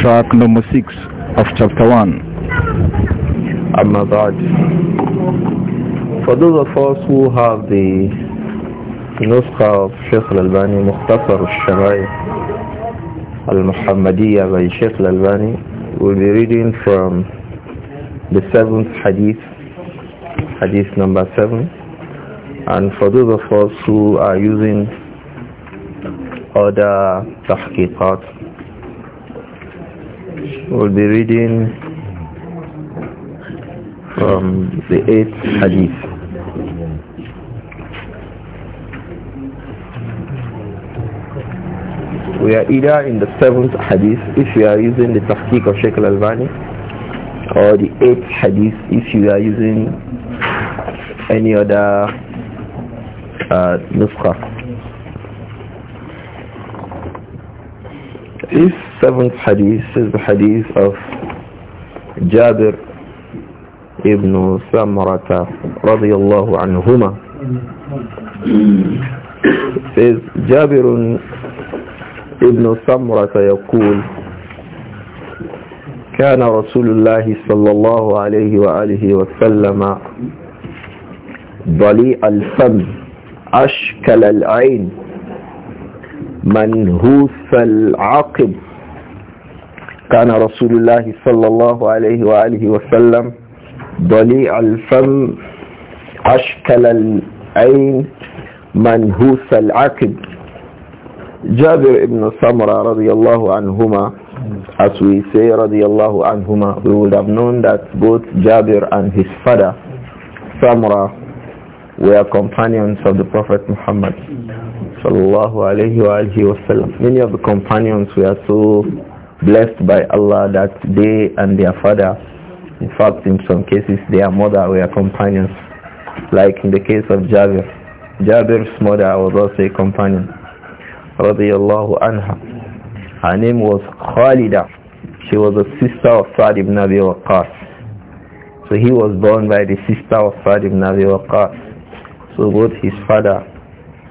track number 6 of chapter 1. Amma Ba'd. For those of us who have the نسخة of Sheikh Al-Albani al الشرائع Al-Muhammadiyya by Sheikh Al-Albani we'll be reading from the seventh hadith hadith number seven and for those of us who are using other tahqiqat We'll be reading from the eighth hadith. We are either in the seventh hadith if you are using the Tafkik of Sheikh al-Albani or the eighth hadith if you are using any other uh, nuskha. If seventh hadith is the hadith of Jabir ibn Samarata radiyallahu anhuma says Jabir ibn Samarata يقول كان رسول الله صلى الله عليه وآله وسلم ضليء الفم أشكل العين منهوس العقب كان رسول الله صلى الله عليه وآله وسلم ضليع الفم أشكل العين منهوس العقد جابر بن سمرة رضي الله عنهما as we say رضي الله عنهما we would have known that both جابر and his father سمرة were companions of the Prophet Muhammad صلى الله عليه وآله وسلم many of the companions were so blessed by Allah that they and their father, in fact in some cases their mother were companions, like in the case of Jabir. Jabir's mother was also a companion, anha. Her name was Khalida. She was a sister of Sa'd ibn Abi Waqqas. So he was born by the sister of Sa'd ibn Abi Waqqas. So both his father,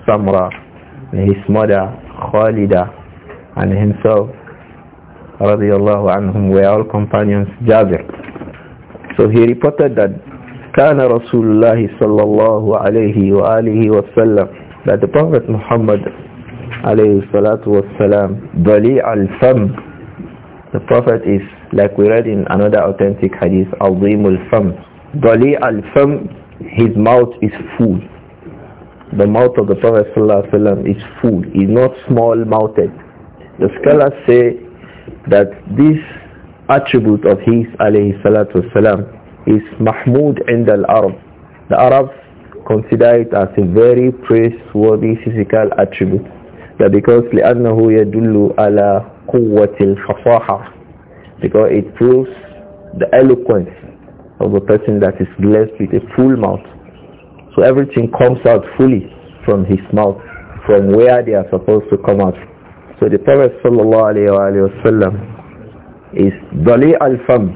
Samra, and his mother, Khalida, and himself radiallahu anhum were all companions Jabir. So he reported that كان رسول الله صلى الله عليه وآله وسلم that the Prophet Muhammad عليه الصلاة والسلام ضليع الفم the Prophet is like we read in another authentic hadith عظيم الفم ضليع الفم his mouth is full the mouth of the Prophet ﷺ is full. is not small-mouthed. The scholars say that this attribute of his alayhi salatu is mahmud and al-arab the arabs consider it as a very praiseworthy physical attribute that because لأنه يدل على قوة الفصاحة because it proves the eloquence of a person that is blessed with a full mouth so everything comes out fully from his mouth from where they are supposed to come out so the Prophet wasallam is Dali al-Fam.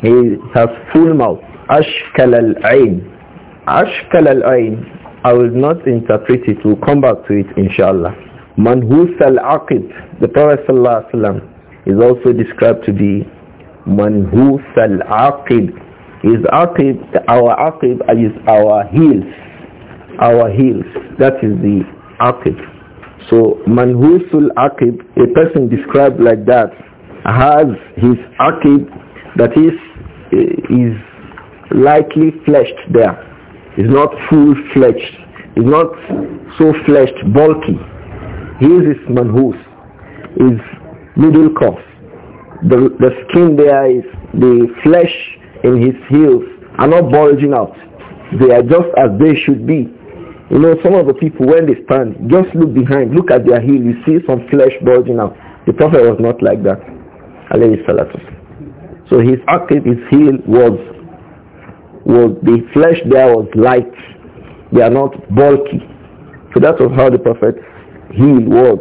He has full mouth. Ashkal al-Ain. Ashkal al-Ain. I will not interpret it. We'll come back to it inshallah. Manhus al-Aqid. The Prophet wasallam is also described to be Manhus al-Aqid. His aqid. our aqid is our heels. Our heels. That is the aqid. So manhusul akib, a person described like that, has his akib that is eh, is lightly fleshed there. Is not full fledged. Is not so fleshed, bulky. His is manhus. Is middle course. The the skin there is the flesh in his heels are not bulging out. They are just as they should be. You know, some of the people, when they stand, just look behind, look at their heel, you see some flesh bulging out. The Prophet was not like that. So his akhid, his heel was, was, the flesh there was light. They are not bulky. So that was how the Prophet heel was.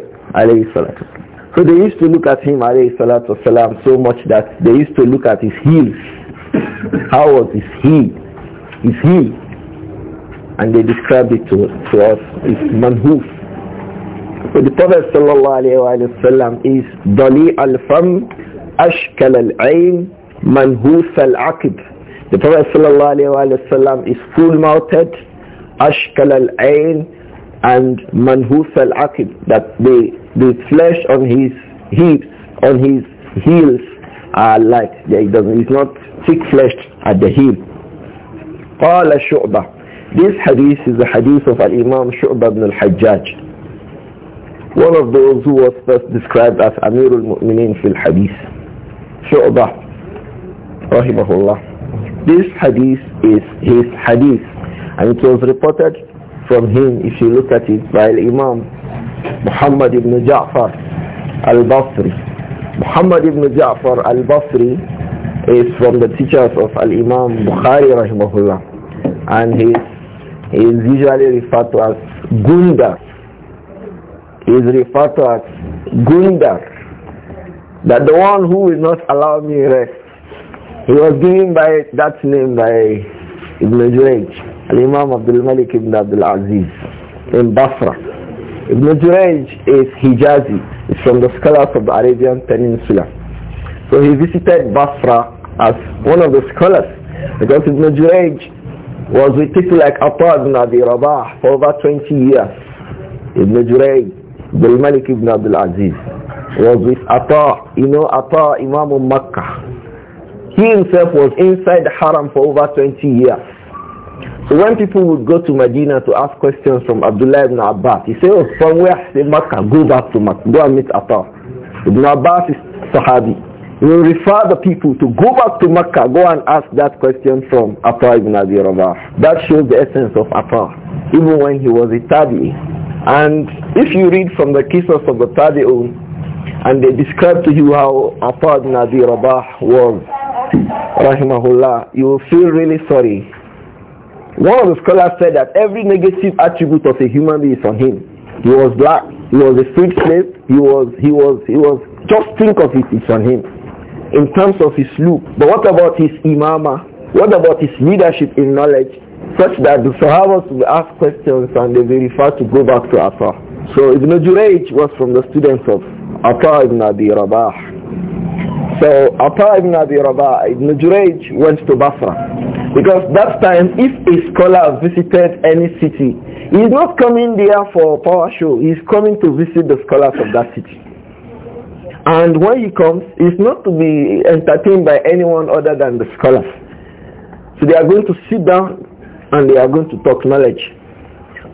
So they used to look at him والسلام, so much that they used to look at his heels. How was his heel? His heel and they described it to, to us is manhoof. But the Prophet وسلم, is Dali al-fam, ashkal al ain manhoof al-aqib. The Prophet وسلم, is full-mouthed, ashkal al ain and manhoof al-aqib, that the, the flesh on his hips, on his heels, are like, it's not thick-fleshed at the heel. قال شعبة this hadith is the hadith of Al-Imam Shu'bah ibn al-Hajjaj, one of those who was first described as Amirul Mu'minin fil Hadith. Shu'bah, rahimahullah. This hadith is his hadith and it was reported from him, if you look at it, by Imam Muhammad ibn Ja'far al-Basri. Muhammad ibn Ja'far al-Basri is from the teachers of Al-Imam Bukhari rahimahullah and his is usually referred to as Gundar. Is referred to as Gundar. That the one who will not allow me rest. He was given by that name by Ibn Juraj, Al-Imam Abdul Malik Ibn Abdul Aziz in Basra. Ibn Juraj is Hijazi. He's from the scholars of the Arabian Peninsula. So he visited Basra as one of the scholars because Ibn Juraj was with people like Atta ibn Abi Rabah for over 20 years. Ibn Jurayj, the Malik ibn Abdul Aziz was with Atta, you know Atta Imam of Makkah. He himself was inside the Haram for over 20 years. So when people would go to Medina to ask questions from Abdullah ibn Abbas, he said, oh, from where? Say Makkah, go back to Makkah, go and meet Atta. Ibn Abbas is Sahabi. We will refer the people to go back to Mecca, go and ask that question from Atta ibn Abi Rabah. That shows the essence of Atta, even when he was a Tabi. And if you read from the kisses of the Tabi'un, and they describe to you how Atta ibn Abi Rabah was, rahimahullah, you will feel really sorry. One of the scholars said that every negative attribute of a human being is on him. He was black, he was a freed slave, he was, he was, he was, just think of it, it's on him in terms of his look. But what about his imama? What about his leadership in knowledge? Such that the Sahabas will ask questions and they very far to go back to Afa. So Ibn Jurayj was from the students of Atta ibn Abi Rabah. So Atta ibn Abi Rabah, Ibn Jurayj went to Basra. Because that time, if a scholar visited any city, he's not coming there for power show. He's coming to visit the scholars of that city. And when he comes, he's not to be entertained by anyone other than the scholars. So they are going to sit down and they are going to talk knowledge.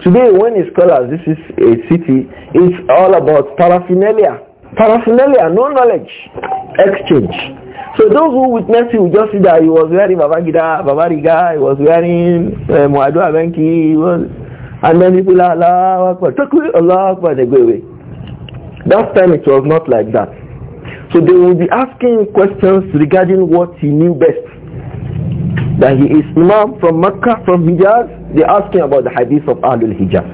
Today, when a scholar is a city, it's all about paraphernalia. Paraphernalia, no knowledge, exchange. So those who witness him just see that he was wearing Babagida, Babariga, he was wearing uh, eh, Muadu Abenki, and then people are Allah Akbar, Allah Akbar, they go away. That time it was not like that. So they will be asking questions regarding what he knew best. That he is Imam from Mecca, from Hijaz, they're asking about the hadith of Ahlul Hijaz.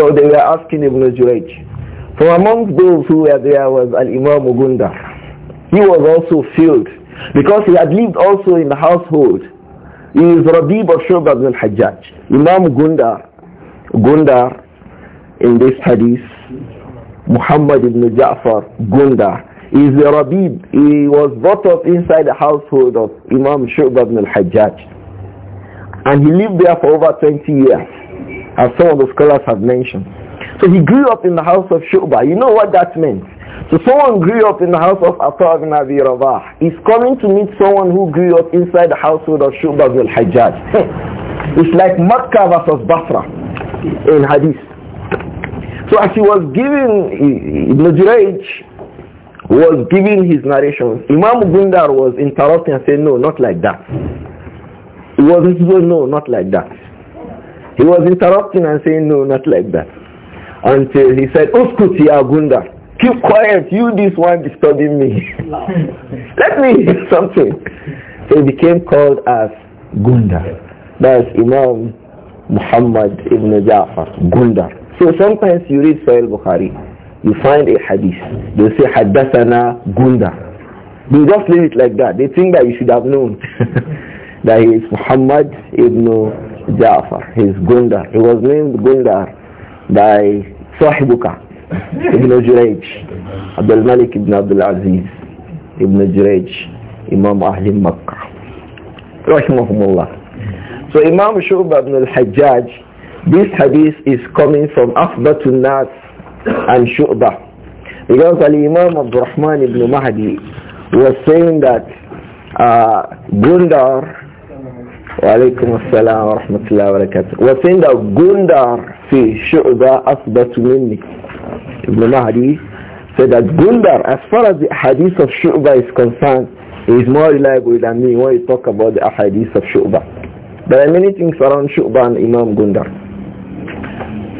So they were asking Ibn Juraj. From among those who were there was Al-Imam Ugunda. He was also filled because he had lived also in the household. He is Rabib of Shubab al-Hajjaj. Imam Gundar, Gundar in this hadith Muhammad ibn Ja'far Gunda is a Rabib. He was brought up inside the household of Imam Shu'bah ibn al-Hajjaj. And he lived there for over 20 years, as some of the scholars have mentioned. So he grew up in the house of Shu'bah. You know what that meant. So someone grew up in the house of Atar ibn Abi Rabah. He's coming to meet someone who grew up inside the household of Shu'bah ibn al-Hajjaj. it's like Makkah versus Basra in hadith. So as he was giving, Ibn Jurayj was giving his narration, Imam Gundar was interrupting and saying, no, not like that. He wasn't saying, no, not like that. He was interrupting and saying, no, not like that. Until he said, Uskut ya Gundar. Keep quiet, you this one disturbing me. Let me hear something. So he became called as Gundar. That's Imam Muhammad ibn Ja'far, Gundar. So sometimes you read Sahih Bukhari, you find a hadith. They say Haddathana Gunda. They just leave it like that. They think that you should have known that he is Muhammad ibn Ja'far. He is Gunda. He was named Gunda by Sahibuka ibn Juraj, Abdul Malik ibn Abdul Aziz ibn Juraj, Imam Ahli Makkah. Rahimahumullah. So Imam Shu'bah ibn al-Hajjaj this hadith is coming from Afbatun Nas and Shu'bah. Because Al-Imam Abdurrahman ibn Mahdi was saying that uh, Gundar وعليكم wa ورحمة الله وبركاته وفين Gundar في شعبة أثبت مني ابن Mahdi said that Gundar as far as the hadith of Shu'bah is concerned is more reliable than me when you talk about the hadith of Shu'bah there are many things around Shu'bah and Imam Gundar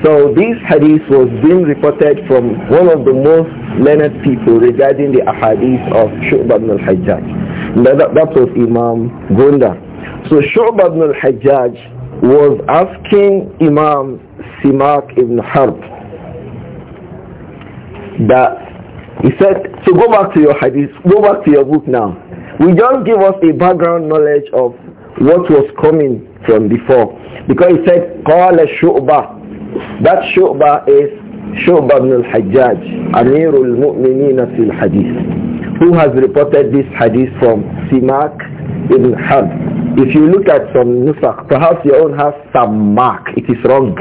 so this hadith was being reported from one of the most learned people regarding the ahadith of Shu'bah ibn al-Hajjaj. That, that was Imam Gunda. So Shu'bah ibn al-Hajjaj was asking Imam Simak ibn Harb that he said, so go back to your hadith, go back to your book now. We just give us a background knowledge of what was coming from before. Because he said, قال شعبة that Shu'bah is Shu'bah ibn al-Hajjaj, Amirul Mu'minina fil Hadith, who has reported this hadith from Simak ibn Harb. If you look at some nusak, perhaps your own has some mark. It is wrong.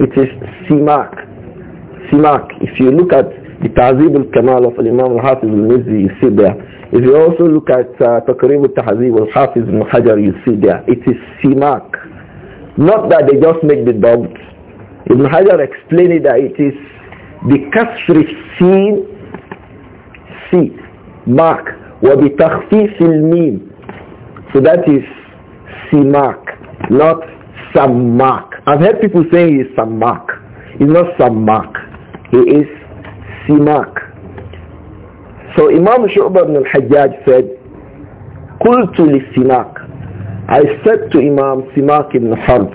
It is Simak. Simak. If you look at the Ta'zib al-Kamal of Imam al-Hafiz al-Mizzi, you see there. If you also look at uh, Taqrib al-Tahzib al-Hafiz al-Hajar, you see there. It is Simak. Not that they just make the dogs Ibn Hajar explained that it is the kasri sin si mark wa bi takhfifil mim so that is mark, not Sam mark. i've heard people saying Sam mark. It's not Sam mark. he is mark. so imam shu'bah ibn al-hajjaj said qultu li simak i said to imam simak ibn harb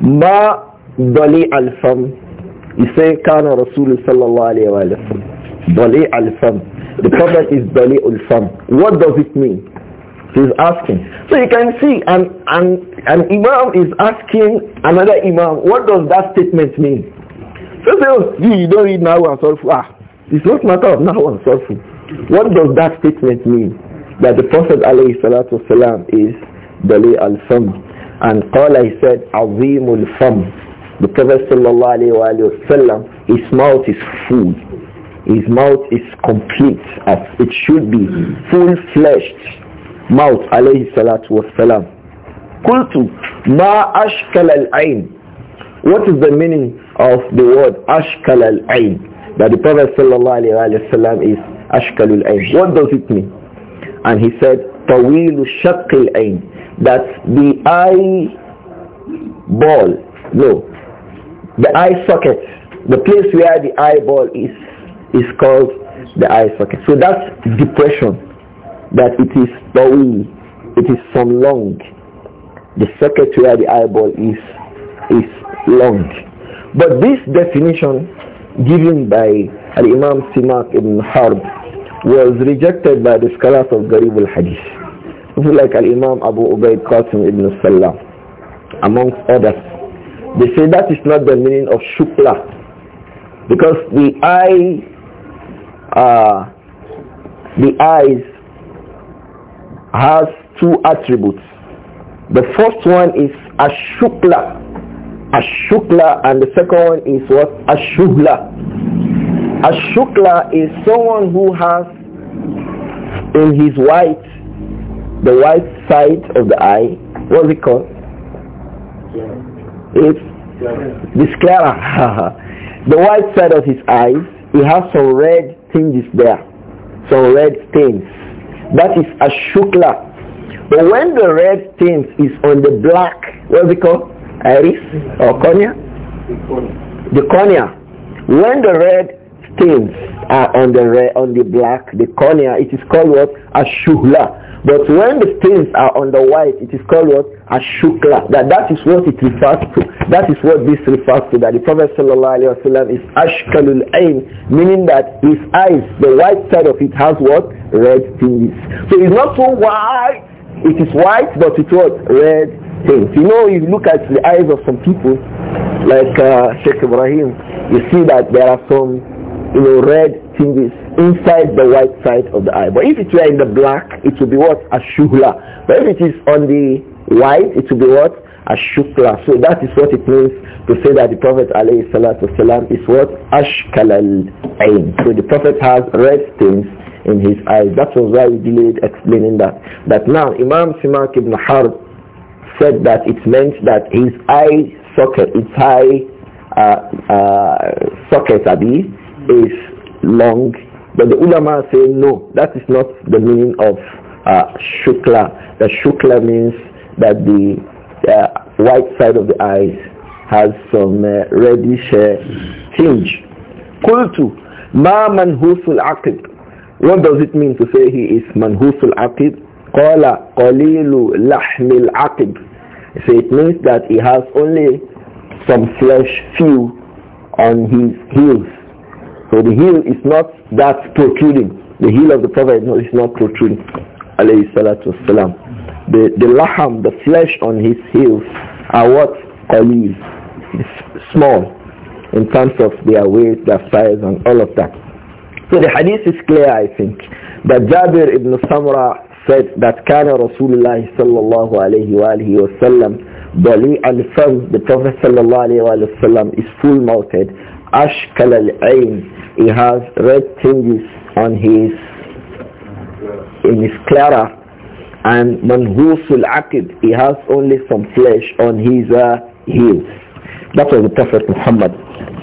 ma Dali al-Fam. You say, Kana Rasul sallallahu alayhi wa sallam. Dali al-Fam. The Prophet is Dali al-Fam. What does it mean? He's asking. So you can see an, an, an imam is asking another imam, what does that statement mean? So say, oh, you don't read Nahu and Sorfu. Ah, it's not matter of Nahu and Sorfu. What does that statement mean? That the Prophet alayhi salatu salam is Dali al-Fam. And Qala he said, Azimul Fam. The Prophet وسلم, his mouth is full. His mouth is complete as it should be. Full-fleshed mouth alayhi salatu wasalam. Kultu ma ashkal al-ain. What is the meaning of the word ashkal al-ain? That the Prophet sallallahu alayhi wasallam is ashkal al-ain. What does it mean? And he said, tawilu shakil ain. That the eye ball, no, the eye socket, the place where the eyeball is, is called the eye socket. So that's depression, that it is tawi, it is from long. The socket where the eyeball is, is long. But this definition given by Al-Imam Simak ibn Harb was rejected by the scholars of Garib al-Hadith. like Al-Imam Abu Ubaid Qasim ibn Salam, amongst others. They say that is not the meaning of shukla. Because the eye, uh, the eyes has two attributes. The first one is ashukla. Ashukla and the second one is what? Ashuhla. Ashukla is someone who has in his white, the white side of the eye, what's it called? Yeah is the sclera. the white side of his eyes, he has some red tinges there, some red stains. That is a shukla. But when the red stains is on the black, what's it called? Iris or cornea? The cornea. When the red stains are on the red, on the black, the cornea, it is called what? A shukla. But when the stains are on the white, it is called what? Ashukla. That, that is what it refers to. That is what this refers to. That the Prophet Wasallam is Ashkalul Ain, meaning that his eyes, the white side of it has what? Red things. So it's not so white. It is white, but it has Red things. You know, if you look at the eyes of some people, like uh, Sheikh Ibrahim, you see that there are some, you know, red things inside the white side of the eye. But if it were in the black, it would be what? Ashuhla. But if it is on the white, it would be what? shukla. So that is what it means to say that the Prophet alayhi والسلام, is what? Ashkalal So the Prophet has red stains in his eyes. That was why we delayed explaining that. But now Imam Simak ibn Harb said that it meant that his eye socket, its eye uh, uh, socket, Abi, is long but the ulama say no, that is not the meaning of uh, shukla. The shukla means that the uh, white side of the eyes has some uh, reddish uh, tinge. Kultu, ma manhusul aqib. What does it mean to say he is manhusul aqib? Qala qalilu lahmil aqib. So it means that he has only some flesh few on his heels. So the heel is not that protruding. The heel of the Prophet is not protruding. Alayhi salatu wasalam. The, the laham, the flesh on his heels are what? Qaleel. Small in terms of their weight, their size and all of that. So the hadith is clear I think. That Jabir ibn Samra said that كان رسول الله صلى الله عليه وآله وسلم الفم the Prophet صلى الله عليه وآله وسلم is full-mouthed ashkal al He has red tinges on his, in his sclera. And manhus al-aqib. He has only some flesh on his uh, heels. That was the Prophet Muhammad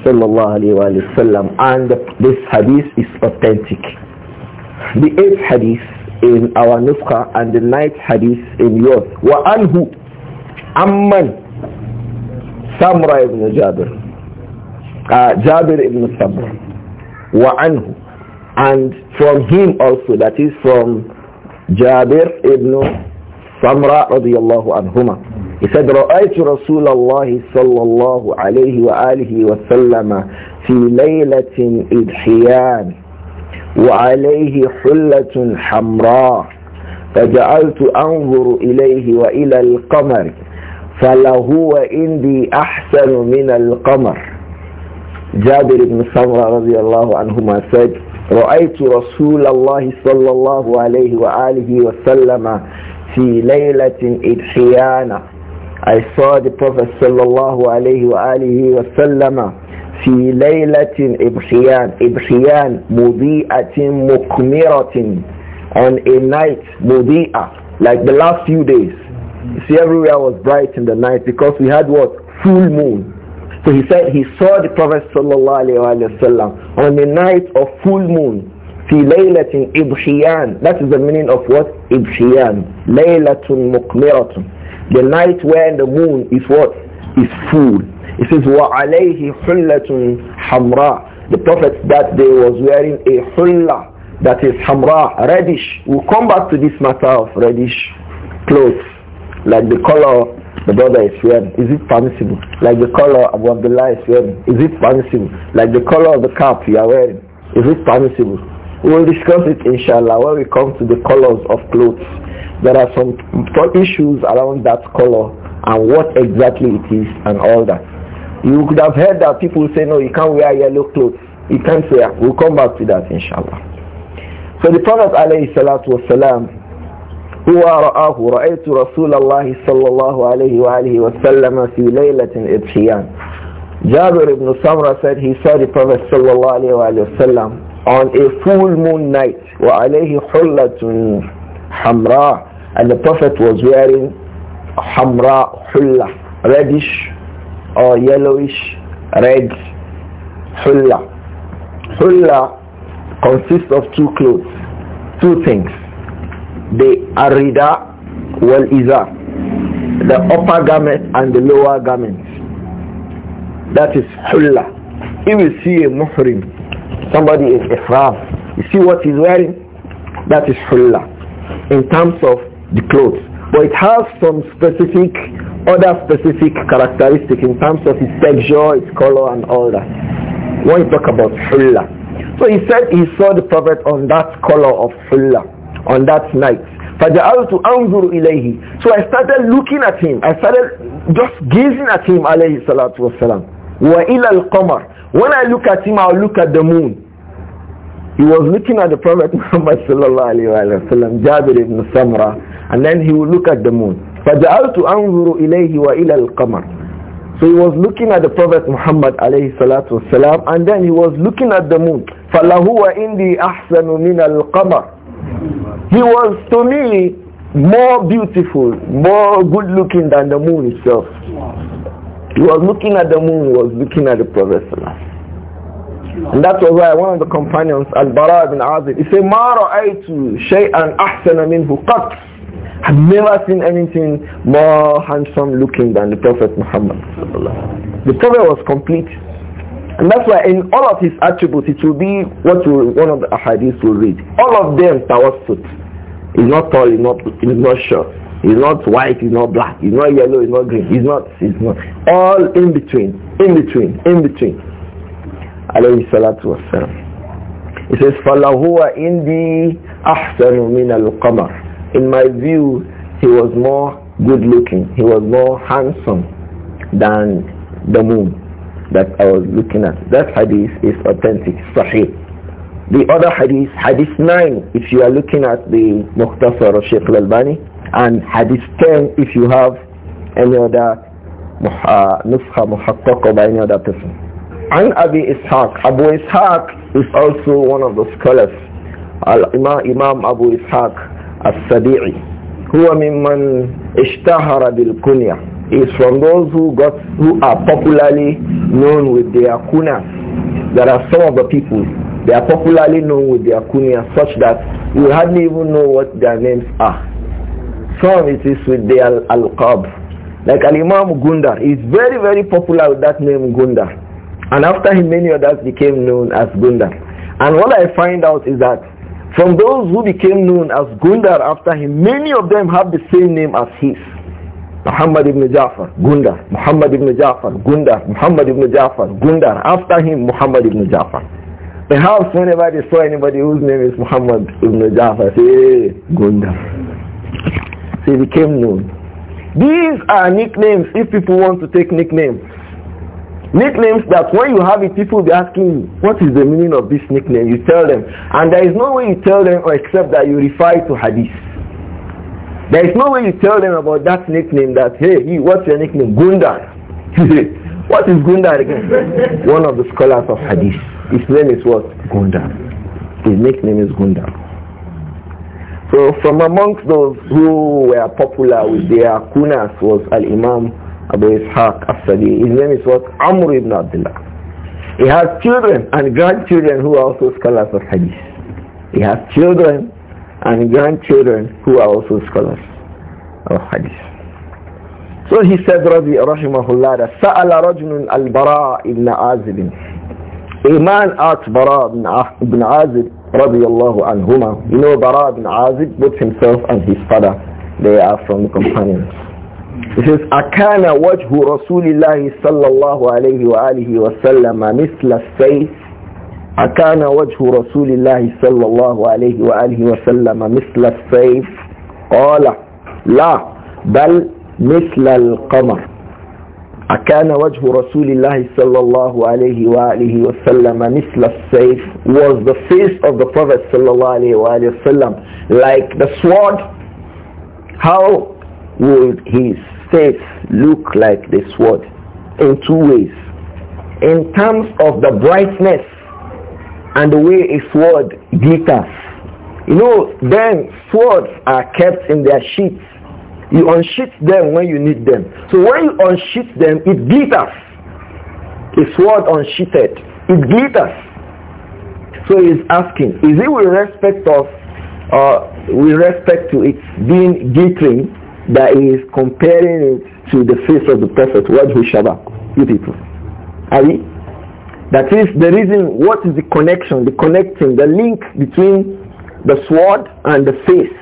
sallallahu alayhi wa sallam. And this hadith is authentic. The eighth hadith in our nuskha and the ninth hadith in yours. anhu amman samra ibn Jabir uh, Jabir ibn Sabr wa anhu and from him also that is from Jabir ibn Samra radiyallahu anhuma he said رأيت رسول الله صلى الله عليه وآله وسلم في ليلة إدحيان وعليه حلة حمراء فجعلت أنظر إليه وإلى القمر فلهو عندي أحسن من القمر Jabir ibn Samra الله عنهما said, رأيت رسول الله صلى الله عليه وآله وسلم في ليلة إدحيانا I saw the Prophet صلى الله عليه وآله وسلم في ليلة إبحيان إبحيان مضيئة مكمرة on a night مضيئة like the last few days see everywhere was bright in the night because we had what full moon so he said he saw the Prophet sallallahu on the night of full moon. في ليلة That is the meaning of what? إبشيان ليلة مقمرة The night when the moon is what? Is full. It says وعليه حلة حمراء The Prophet that day was wearing a hulla that is hamra, reddish. We'll come back to this matter of reddish clothes, like the color the brother is wearing. Is it permissible? Like the color of the Abdullah is wearing. Is it permissible? Like the color of the cap you are wearing. Is it permissible? We will discuss it inshallah when we come to the colors of clothes. There are some issues around that color and what exactly it is and all that. You could have heard that people say, no, you can't wear yellow clothes. You can't wear. We'll come back to that inshallah. So the Prophet alayhi salatu wasalam, هو رآه رأيت رسول الله صلى الله عليه وآله وسلم في ليلة إضحيان Jabir ibn Samra said he saw the Prophet صلى الله عليه وآله وسلم on a full moon night وعليه حلة حمراء and the Prophet was wearing حمراء حلة reddish or yellowish red حلة حلة consists of two clothes two things the arida wal izar the upper garment and the lower garment that is hulla you will see a muhrim somebody in ihram you see what he's wearing that is hulla in terms of the clothes but it has some specific other specific characteristic in terms of its texture its color and all that when you talk about hulla so he said he saw the prophet on that color of hulla on that night. فَجَعَلْتُ أَنْظُرُ إِلَيْهِ So I started looking at him. I started just gazing at him, alayhi salatu wasalam. وَإِلَى الْقَمَرِ When I look at him, I'll look at the moon. He was looking at the Prophet Muhammad sallallahu alayhi wa sallam, Jabir ibn Samra, and then he would look at the moon. فَجَعَلْتُ أَنْظُرُ إِلَيْهِ وَإِلَى الْقَمَرِ so he was looking at the Prophet Muhammad alayhi salatu wasalam and then he was looking at the moon. فَلَهُوَ إِنْدِي أَحْسَنُ مِنَ الْقَمَرِ he was to me more beautiful, more good looking than the moon itself. He was looking at the moon, he was looking at the Prophet. And that was why one of the companions, Al-Bara bin Azib, he said, مَا رَأَيْتُ شَيْئًا أَحْسَنَ مِنْهُ قَطْ I've never seen anything more handsome looking than the Prophet Muhammad. The Prophet was complete. And that's why in all of his attributes, it will be what one of the hadiths will read. All of them tawassut. He's not tall, he's not, he's not short. He's not white, he's not black. He's not yellow, he's not green. He's not, he's not. All in between, in between, in between. Alayhi salatu wassalam. It says, فَلَهُوَ إِنْدِي أَحْسَنُ مِنَ الْقَمَرِ In my view, he was more good looking. He was more handsome than the moon that I was looking at. That hadith is authentic, sahih. The other hadith, hadith 9, if you are looking at the Muqtasar of Sheikh al-Albani, and hadith 10, if you have any other uh, nusha muhaqqaq by any other person. And Abi Ishaq. Abu Ishaq is also one of the scholars. Al-Imam Imam Abu Ishaq al-Sabi'i. هو ممن اشتهر بالكنيه is from those who got who are popularly known with their kuna. There are some of the people they are popularly known with their kuna such that we hardly even know what their names are. Some it is with their al-qab. Like Al-Imam Gundar He's very very popular with that name Gundar. And after him many others became known as Gundar. And what I find out is that from those who became known as Gundar after him, many of them have the same name as his. Muhammad ibn Ja'far, Gundar, Muhammad ibn Ja'far, Gundar, Muhammad ibn Ja'far, Gundar. After him, Muhammad ibn Ja'far. Perhaps whenever they saw anybody whose name is Muhammad ibn Ja'far, say, hey, Gundar. So he became known. These are nicknames if people want to take nicknames. Nicknames that when you have it, people will be asking you, what is the meaning of this nickname? You tell them. And there is no way you tell them except that you refer to hadith. There is no way you tell them about that nickname that, hey, he, what's your nickname? Gundar. what is Gundar again? One of the scholars of Hadith. His name is what? Gundar. His nickname is Gundar. So from amongst those who were popular with their kunas was Al-Imam Abu Ishaq As-Sadi. His name is what? Amr ibn Abdullah. He has children and grandchildren who are also scholars of hadith. He has children and grandchildren who are also scholars of hadith. So he said, رضي رحمه الله that سأل رجل البراء ibn عازب A man asked Bara ibn ah, Azib رضي الله عنهما You know Bara ibn Azib, both himself and his father, they are from the companions. He says, أكان وجه رسول الله صلى الله عليه وآله وسلم مثل السيف أكان وجه رسول الله صلى الله عليه وآله وسلم مثل السيف قال لا بل مثل القمر أكان وجه رسول الله صلى الله عليه وآله وسلم مثل السيف was the face of the Prophet صلى الله عليه وآله وسلم like the sword how would his face look like the sword in two ways in terms of the brightness and the way a sword glitters. You know, then swords are kept in their sheaths. You unsheath them when you need them. So when you unsheath them, it glitters. A sword unsheathed, it glitters. So he's asking, is it with respect of, uh, with respect to its being glittering, that is comparing it to the face of the Prophet, Wajhu Shabak, you people. Are we? That is the reason, what is the connection, the connecting, the link between the sword and the face.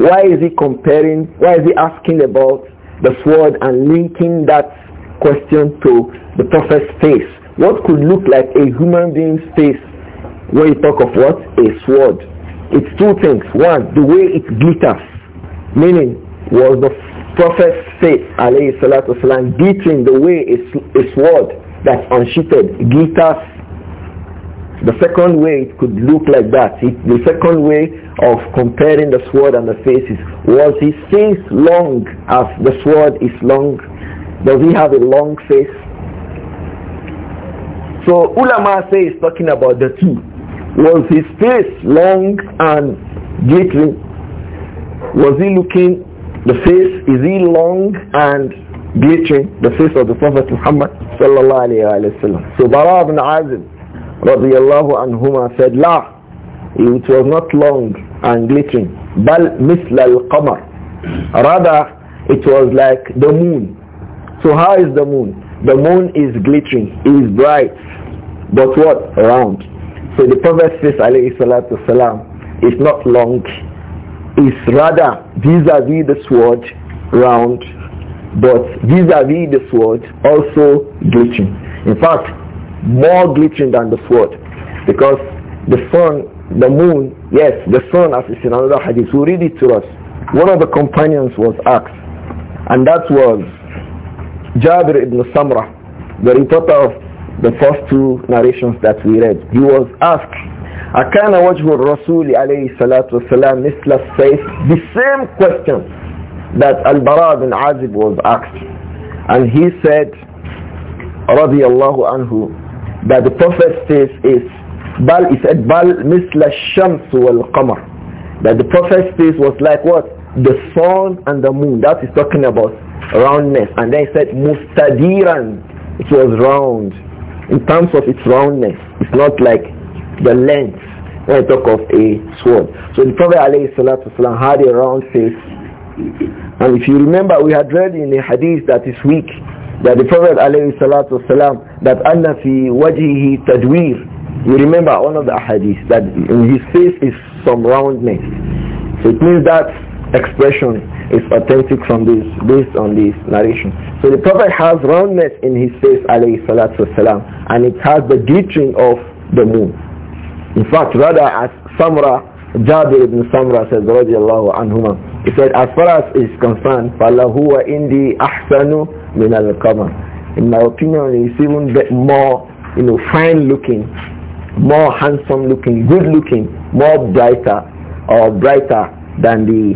Why is he comparing, why is he asking about the sword and linking that question to the prophet's face? What could look like a human being's face when you talk of what? A sword. It's two things. One, the way it glitters, meaning was the prophet's face, alayhi salatu salam, glittering the way a, a sword that unsheathed glitters. The second way it could look like that, it, the second way of comparing the sword and the face is, was his face long as the sword is long? Does he have a long face? So ulama says talking about the two. Was his face long and glittering? Was he looking the face? Is he long and beating the face of the Prophet Muhammad sallallahu alayhi wa sallam. So Bara ibn Azim radiyallahu anhuma said, La, it was not long and glittering. Bal misl al-qamar. Rather, it was like the moon. So how is the moon? The moon is glittering, is bright, but what? Round. So the Prophet says, alayhi salatu salam, is not long, it's rather vis a -vis the sword, round but vis-a-vis the sword also glitching. In fact, more glitching than the sword because the sun, the moon, yes, the sun as it's in another hadith, who read it to us. One of the companions was asked and that was Jabir ibn Samra, the reporter of the first two narrations that we read. He was asked, أكان وجه الرسول عليه الصلاة والسلام مثل السيف? The same question that Al-Bara bin Azib was asked and he said radiallahu anhu that the prophet says is bal he said bal misla shams wal qamar that the prophet says was like what the sun and the moon that is talking about roundness and then he said mustadiran it was round in terms of its roundness it's not like the length when I talk of a sword so the prophet alayhi salatu had a round face and if you remember, we had read in a hadith that is weak, that the Prophet salatu wasalam, that anna fi wajihi tadwir. You remember one of the hadith that in his face is some roundness. So it means that expression is authentic from this, based on this narration. So the Prophet has roundness in his face alayhi salatu wasalam, and it has the glittering of the moon. In fact, rather as Samra Jabir ibn Samra said, radiallahu anhuma, he said, as far as is concerned, the إِنْدِي أَحْسَنُ مِنَ الْقَمَرِ In my opinion, it's even more, you know, fine looking, more handsome looking, good looking, more brighter or brighter than the,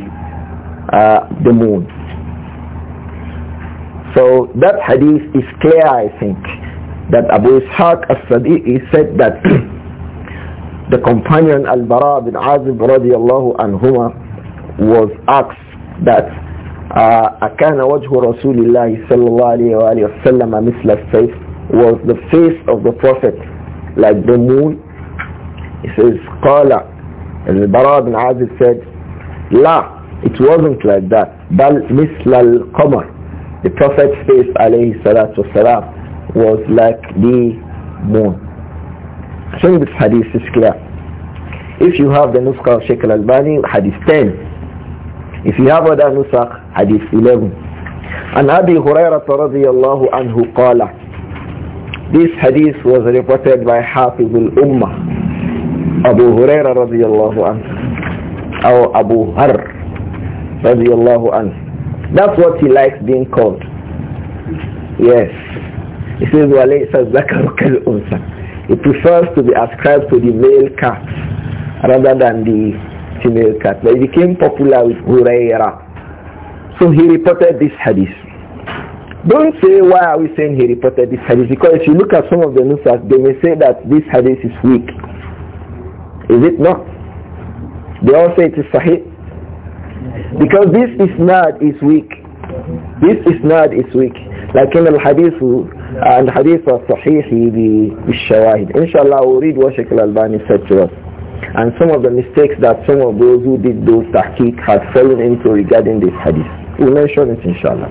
uh, the moon. So that hadith is clear, I think, that Abu Ishaq as-Sadiq said that the companion Al-Bara bin Azib radiallahu anhuma was asked that أكان وجه رسول الله صلى الله عليه وآله وسلم مثل السيف was the face of the prophet like the moon he says قال Al-Bara bin Azib said لا it wasn't like that بل مثل القمر the prophet's face alayhi salatu wasalam was like the moon I think this hadith is clear. If you have the Nusqa of Sheikh al-Albani, hadith 10. If you have other Nusaq, hadith 11. And Abi رضي الله عنه qala. This hadith was reported by Hafiz al-Ummah, Abu Hurairah radiyallahu anhu, or Abu Har الله عنه. That's what he likes being called. Yes. He says, وَلَيْسَ الذَّكَرُ كَالْأُنْثَى it prefers to be ascribed to the male cat rather than the female cat. But it became popular with Huraira. So he reported this hadith. Don't say why are we saying he reported this hadith because if you look at some of the nusas, they may say that this hadith is weak. Is it not? They all say it is sahih. Because this isnad is weak. This isnad is weak. لكن الحديث الحديث الصحيح بالشواهد. إن شاء الله أريد read what سجلت. Al-Albani said to us. And some of the mistakes that some of those who did those tahqiq had fallen into regarding this hadith. We'll mention it inshallah.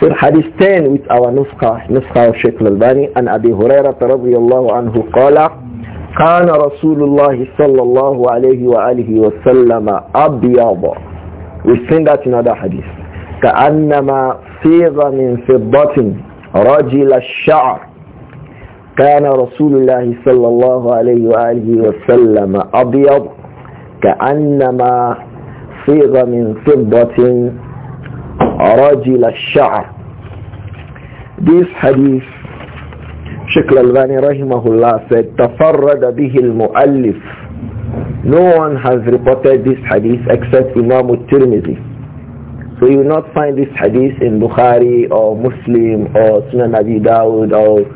So hadith 10 with our nuskha, nuskha of Sheikh Al-Albani and Abi Hurairah رضي الله عنه قال كان رسول الله صلى الله عليه وآله وسلم أبيض We've seen that in other hadith. كأنما صيغ من فضة رجل الشعر كان رسول الله صلى الله عليه وآله وسلم أبيض كأنما صيغ من فضة رجل الشعر This hadith شكل الباني رحمه الله said تفرد به المؤلف No one has reported this hadith except Imam al-Tirmidhi. So you will not find this hadith in Bukhari or Muslim or Sunan Abi Dawud or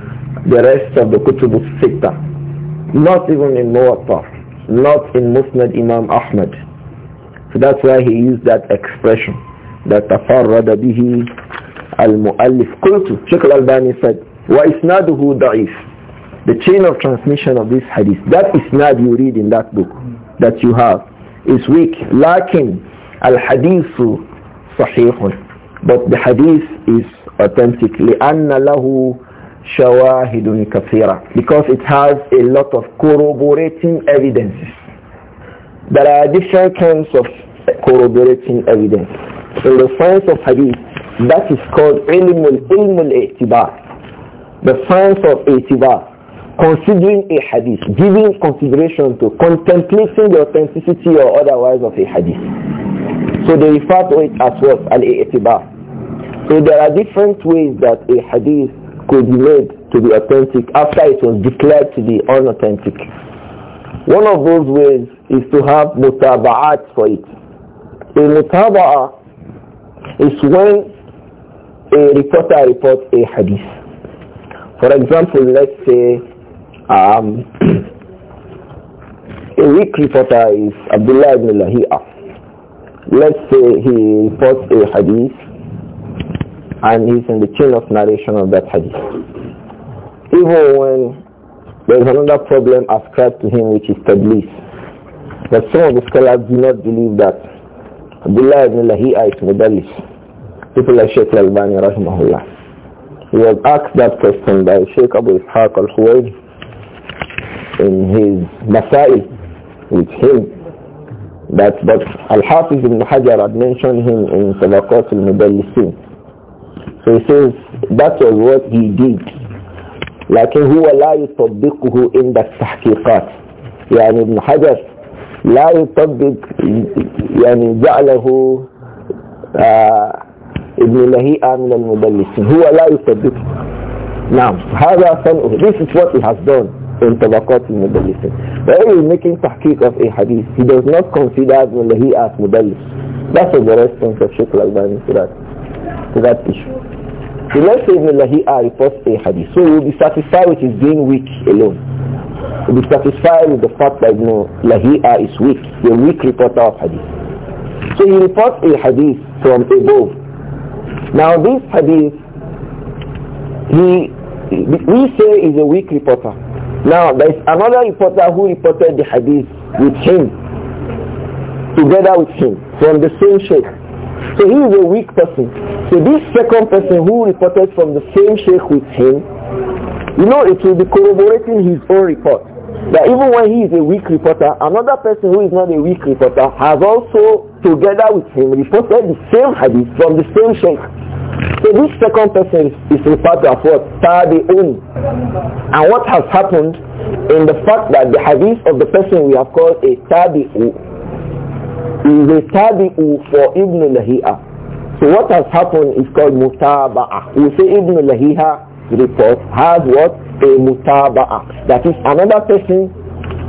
the rest of the Kutub al-Sitta. Not even in Muwatta. Not in Musnad Imam Ahmad. So that's why he used that expression. That bihi al-muallif قلت Sheikh al-Albani said وإسناده ضعيف the chain of transmission of this hadith. That is not you read in that book that you have is weak. Lakin al-hadithu sahihun. But the hadith is authentic. لِأَنَّ لَهُ شَوَاهِدٌ كَثِيرًا Because it has a lot of corroborating evidences. There are different kinds of corroborating evidence. In the science of hadith, that is called ilm al-i'tibar. The science of i'tibar considering a hadith, giving consideration to contemplating the authenticity or otherwise of a hadith. So they refer to it as what? Al-i'tibar. So there are different ways that a hadith could be made to be authentic after it was declared to be unauthentic. One of those ways is to have mutaba'at for it. A mutaba'a is when a reporter reports a hadith. For example, let's say um, a weak reporter is Abdullah ibn Lahia. Let's say he reports a hadith and he's in the chain of narration of that hadith. Even when there's another problem ascribed to him which is tablis. But some of the scholars do not believe that Abdullah ibn Lahia is Mudalis. People like Sheikh Bani rahimahullah. He was asked that question by Sheikh Abu Ishaq al-Huwaini in his Masail with him that but Al-Hafiz ibn Hajar had mentioned him in Tabaqat al-Mudallisin. So he says that was what he did. لكن هو لا يطبقه عند التحقيقات يعني ابن حجر لا يطبق يعني جعله آه ابن لهيئة من المدلسين هو لا يطبقه نعم هذا صنعه this is what he has done in Tabaqat al-Mudallisin. But is making tahqiq of a hadith, he does not consider Mulahi as Mudallis. That's what the response of Sheikh Al-Albani to that, to that issue. So let's say Mulahi reports a hadith. So we'll be satisfied with his being weak alone. We'll be satisfied with the fact that you know, Lahi'a is weak, the weak reporter of hadith. So he reports a hadith from above. Now this hadith, he, we say is a weak reporter. Now, there is another reporter who reported the hadith with him, together with him, from the same sheikh. So he is a weak person. So this second person who reported from the same sheikh with him, you know, it will be corroborating his own report. That even when he is a weak reporter, another person who is not a weak reporter has also, together with him, reported the same hadith from the same sheikh. So this second person is referred to as what? Tabi'un. And what has happened in the fact that the hadith of the person we have called a Tabi'u is a Tabi'u for Ibn Lahi'a. So what has happened is called Mutaba'ah. We say Ibn Lahi'a report has what? A Mutaba'ah. That is another person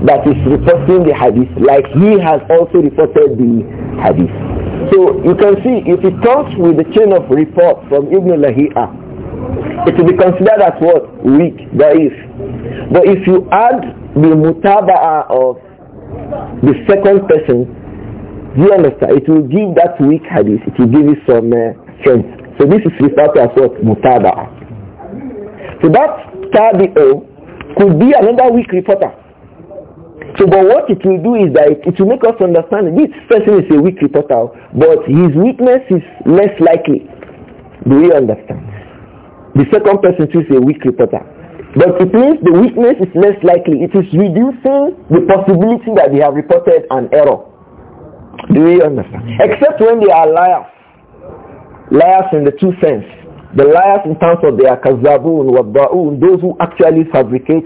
that is reporting the hadith like he has also reported the hadith. So you can see if it comes with the chain of report from Ibn Lahi'a, it will be considered as what? Weak, da'if. But if you add the mutaba'a of the second person, do you understand? It will give that weak hadith, it will give it some uh, strength. So this is referred to as what? Mutaba'a. So that tabi'o could be another weak reporter. So, but what it will do is that it, it will make us understand this person is a weak reporter, but his weakness is less likely. Do we understand? The second person too is a weak reporter. But it means the weakness is less likely. It is reducing the possibility that they have reported an error. Do we understand? Except when they are liars. Liars in the two sense. The liars in terms of their kazabun, wabba'un, those who actually fabricate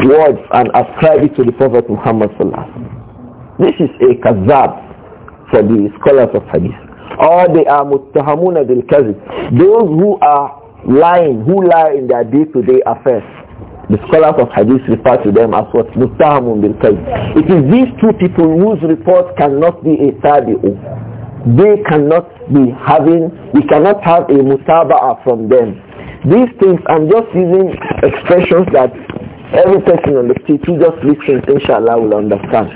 words and ascribe it to the Prophet Muhammad sallallahu This is a kazab for the scholars of hadith. Or they are muttahamuna bil kazib. Those who are lying, who lie in their day-to-day affairs. The scholars of hadith refer to them as what? Muttahamun bil kazib. It is these two people whose report cannot be a tabi'u. They cannot be having, we cannot have a mutaba'a from them. These things, I'm just using expressions that Every person on the street who just listens, inshallah, will understand.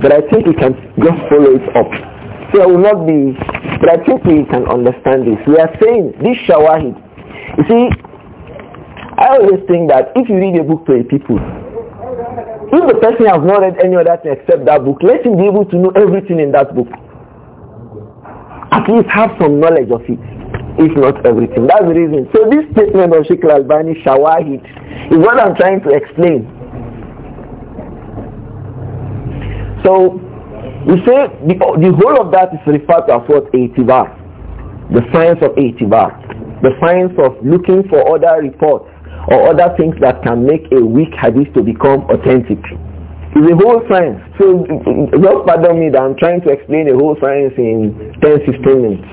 But I think we can just follow it up. So I will not be, but I think we can understand this. We are saying this shawahid. You see, I always think that if you read a book to a people, if the person has not read any other thing except that book, let him be able to know everything in that book. At least have some knowledge of it if not everything. That's the reason. So this statement of Sheikh Al-Albani, Shawahid, is what I'm trying to explain. So we say the, the whole of that is referred to as what aitibar, the science of aitibar, the science of looking for other reports or other things that can make a weak hadith to become authentic. It's a whole science. So just pardon me that I'm trying to explain the whole science in 10, 15 minutes.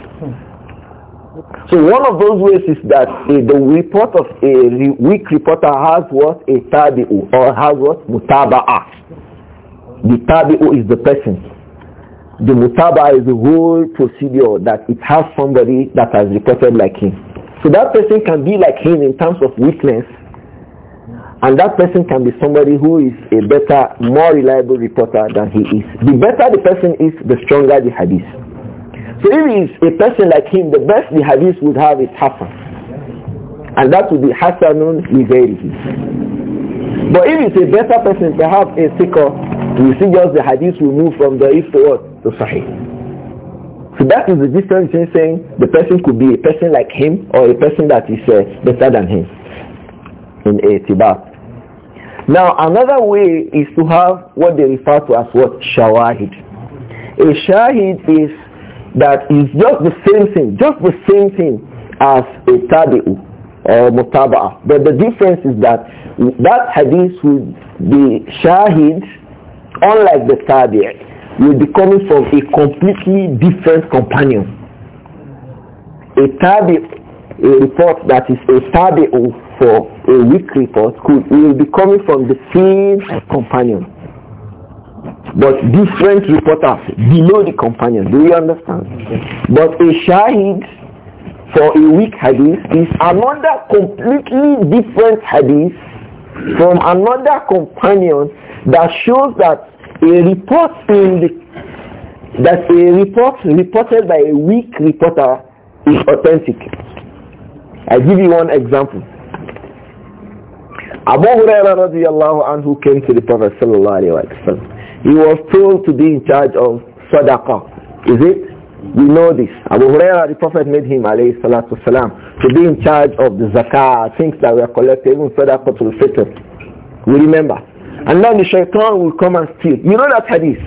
So one of those ways is that eh, the report of a re weak reporter has what? A tabi'u or has what? Mutaba'a. The tabi'u is the person. The mutaba is the whole procedure that it has somebody that has reported like him. So that person can be like him in terms of weakness and that person can be somebody who is a better, more reliable reporter than he is. The better the person is, the stronger the hadith if he is a person like him, the best the hadith would have is Hassan. And that would be Hassanun Lighairihi. But if it's a better person, perhaps a seeker, you see just the hadith removed move from the eastward to what? To Sahih. So that is the difference between saying the person could be a person like him or a person that is uh, better than him in a itibar. Now another way is to have what they refer to as what? Shawahid. A shahid is that is just the same thing, just the same thing as a tabi'u or mutaba'a. But the difference is that that hadith will be shahid, unlike the tabi'i, will be coming from a completely different companion. A tabi, a report that is a tabi'u for a weak report could will be coming from the same companion. But different reporters below the companion. Do you understand? But a shahid for a weak hadith is another completely different hadith from another companion that shows that a report in the that a report reported by a weak reporter is authentic. I give you one example. Abu Hurairah radiallahu anhu came to the Prophet sallallahu alaihi wa sallam he was told to be in charge of Sadaqah. Is it? We know this. Abu Huraira, the Prophet made him, alayhi salatu salam, to be in charge of the zakah, things that were collected, even sadaqah to the fitr. We remember. And then the shaitan will come and steal. You know that hadith.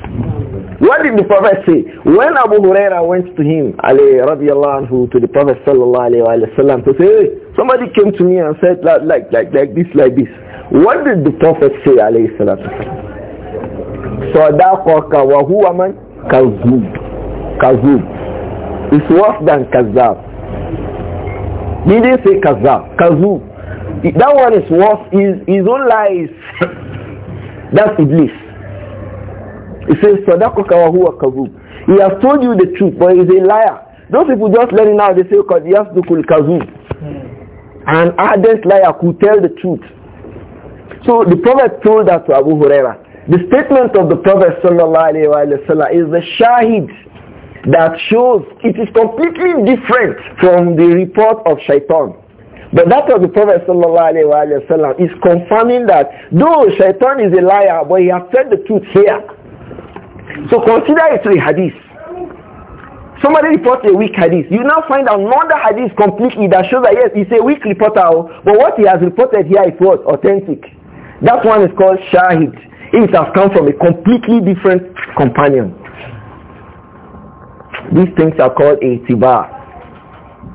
What did the Prophet say? When Abu Huraira went to him, alayhi radiallahu anhu, to the Prophet sallallahu alayhi wa sallam, to say, hey, somebody came to me and said like, like, like, like this, like this. What did the Prophet say, alayhi salatu salam? صدقك وهو من كذوب كذوب It's worse than kazab. He didn't say kazab. kazu. That one is worse. His, his own lies. That's Iblis. He says, Sadakoka wa huwa kazub. He has told you the truth, but he's a liar. Those people just learning now, they say, Kadiyasdukul kazub. An ardent liar could tell the truth. So the Prophet told that to Abu Huraira. The statement of the Prophet ﷺ is the shahid that shows it is completely different from the report of shaitan. But that of the Prophet ﷺ is confirming that though shaitan is a liar, but he has said the truth here. So consider it a hadith. Somebody reports a weak hadith. You now find another hadith completely that shows that yes, it's a weak reporter, oh, but what he has reported here is what? Authentic. That one is called shahid. It has come from a completely different companion. These things are called a tibar.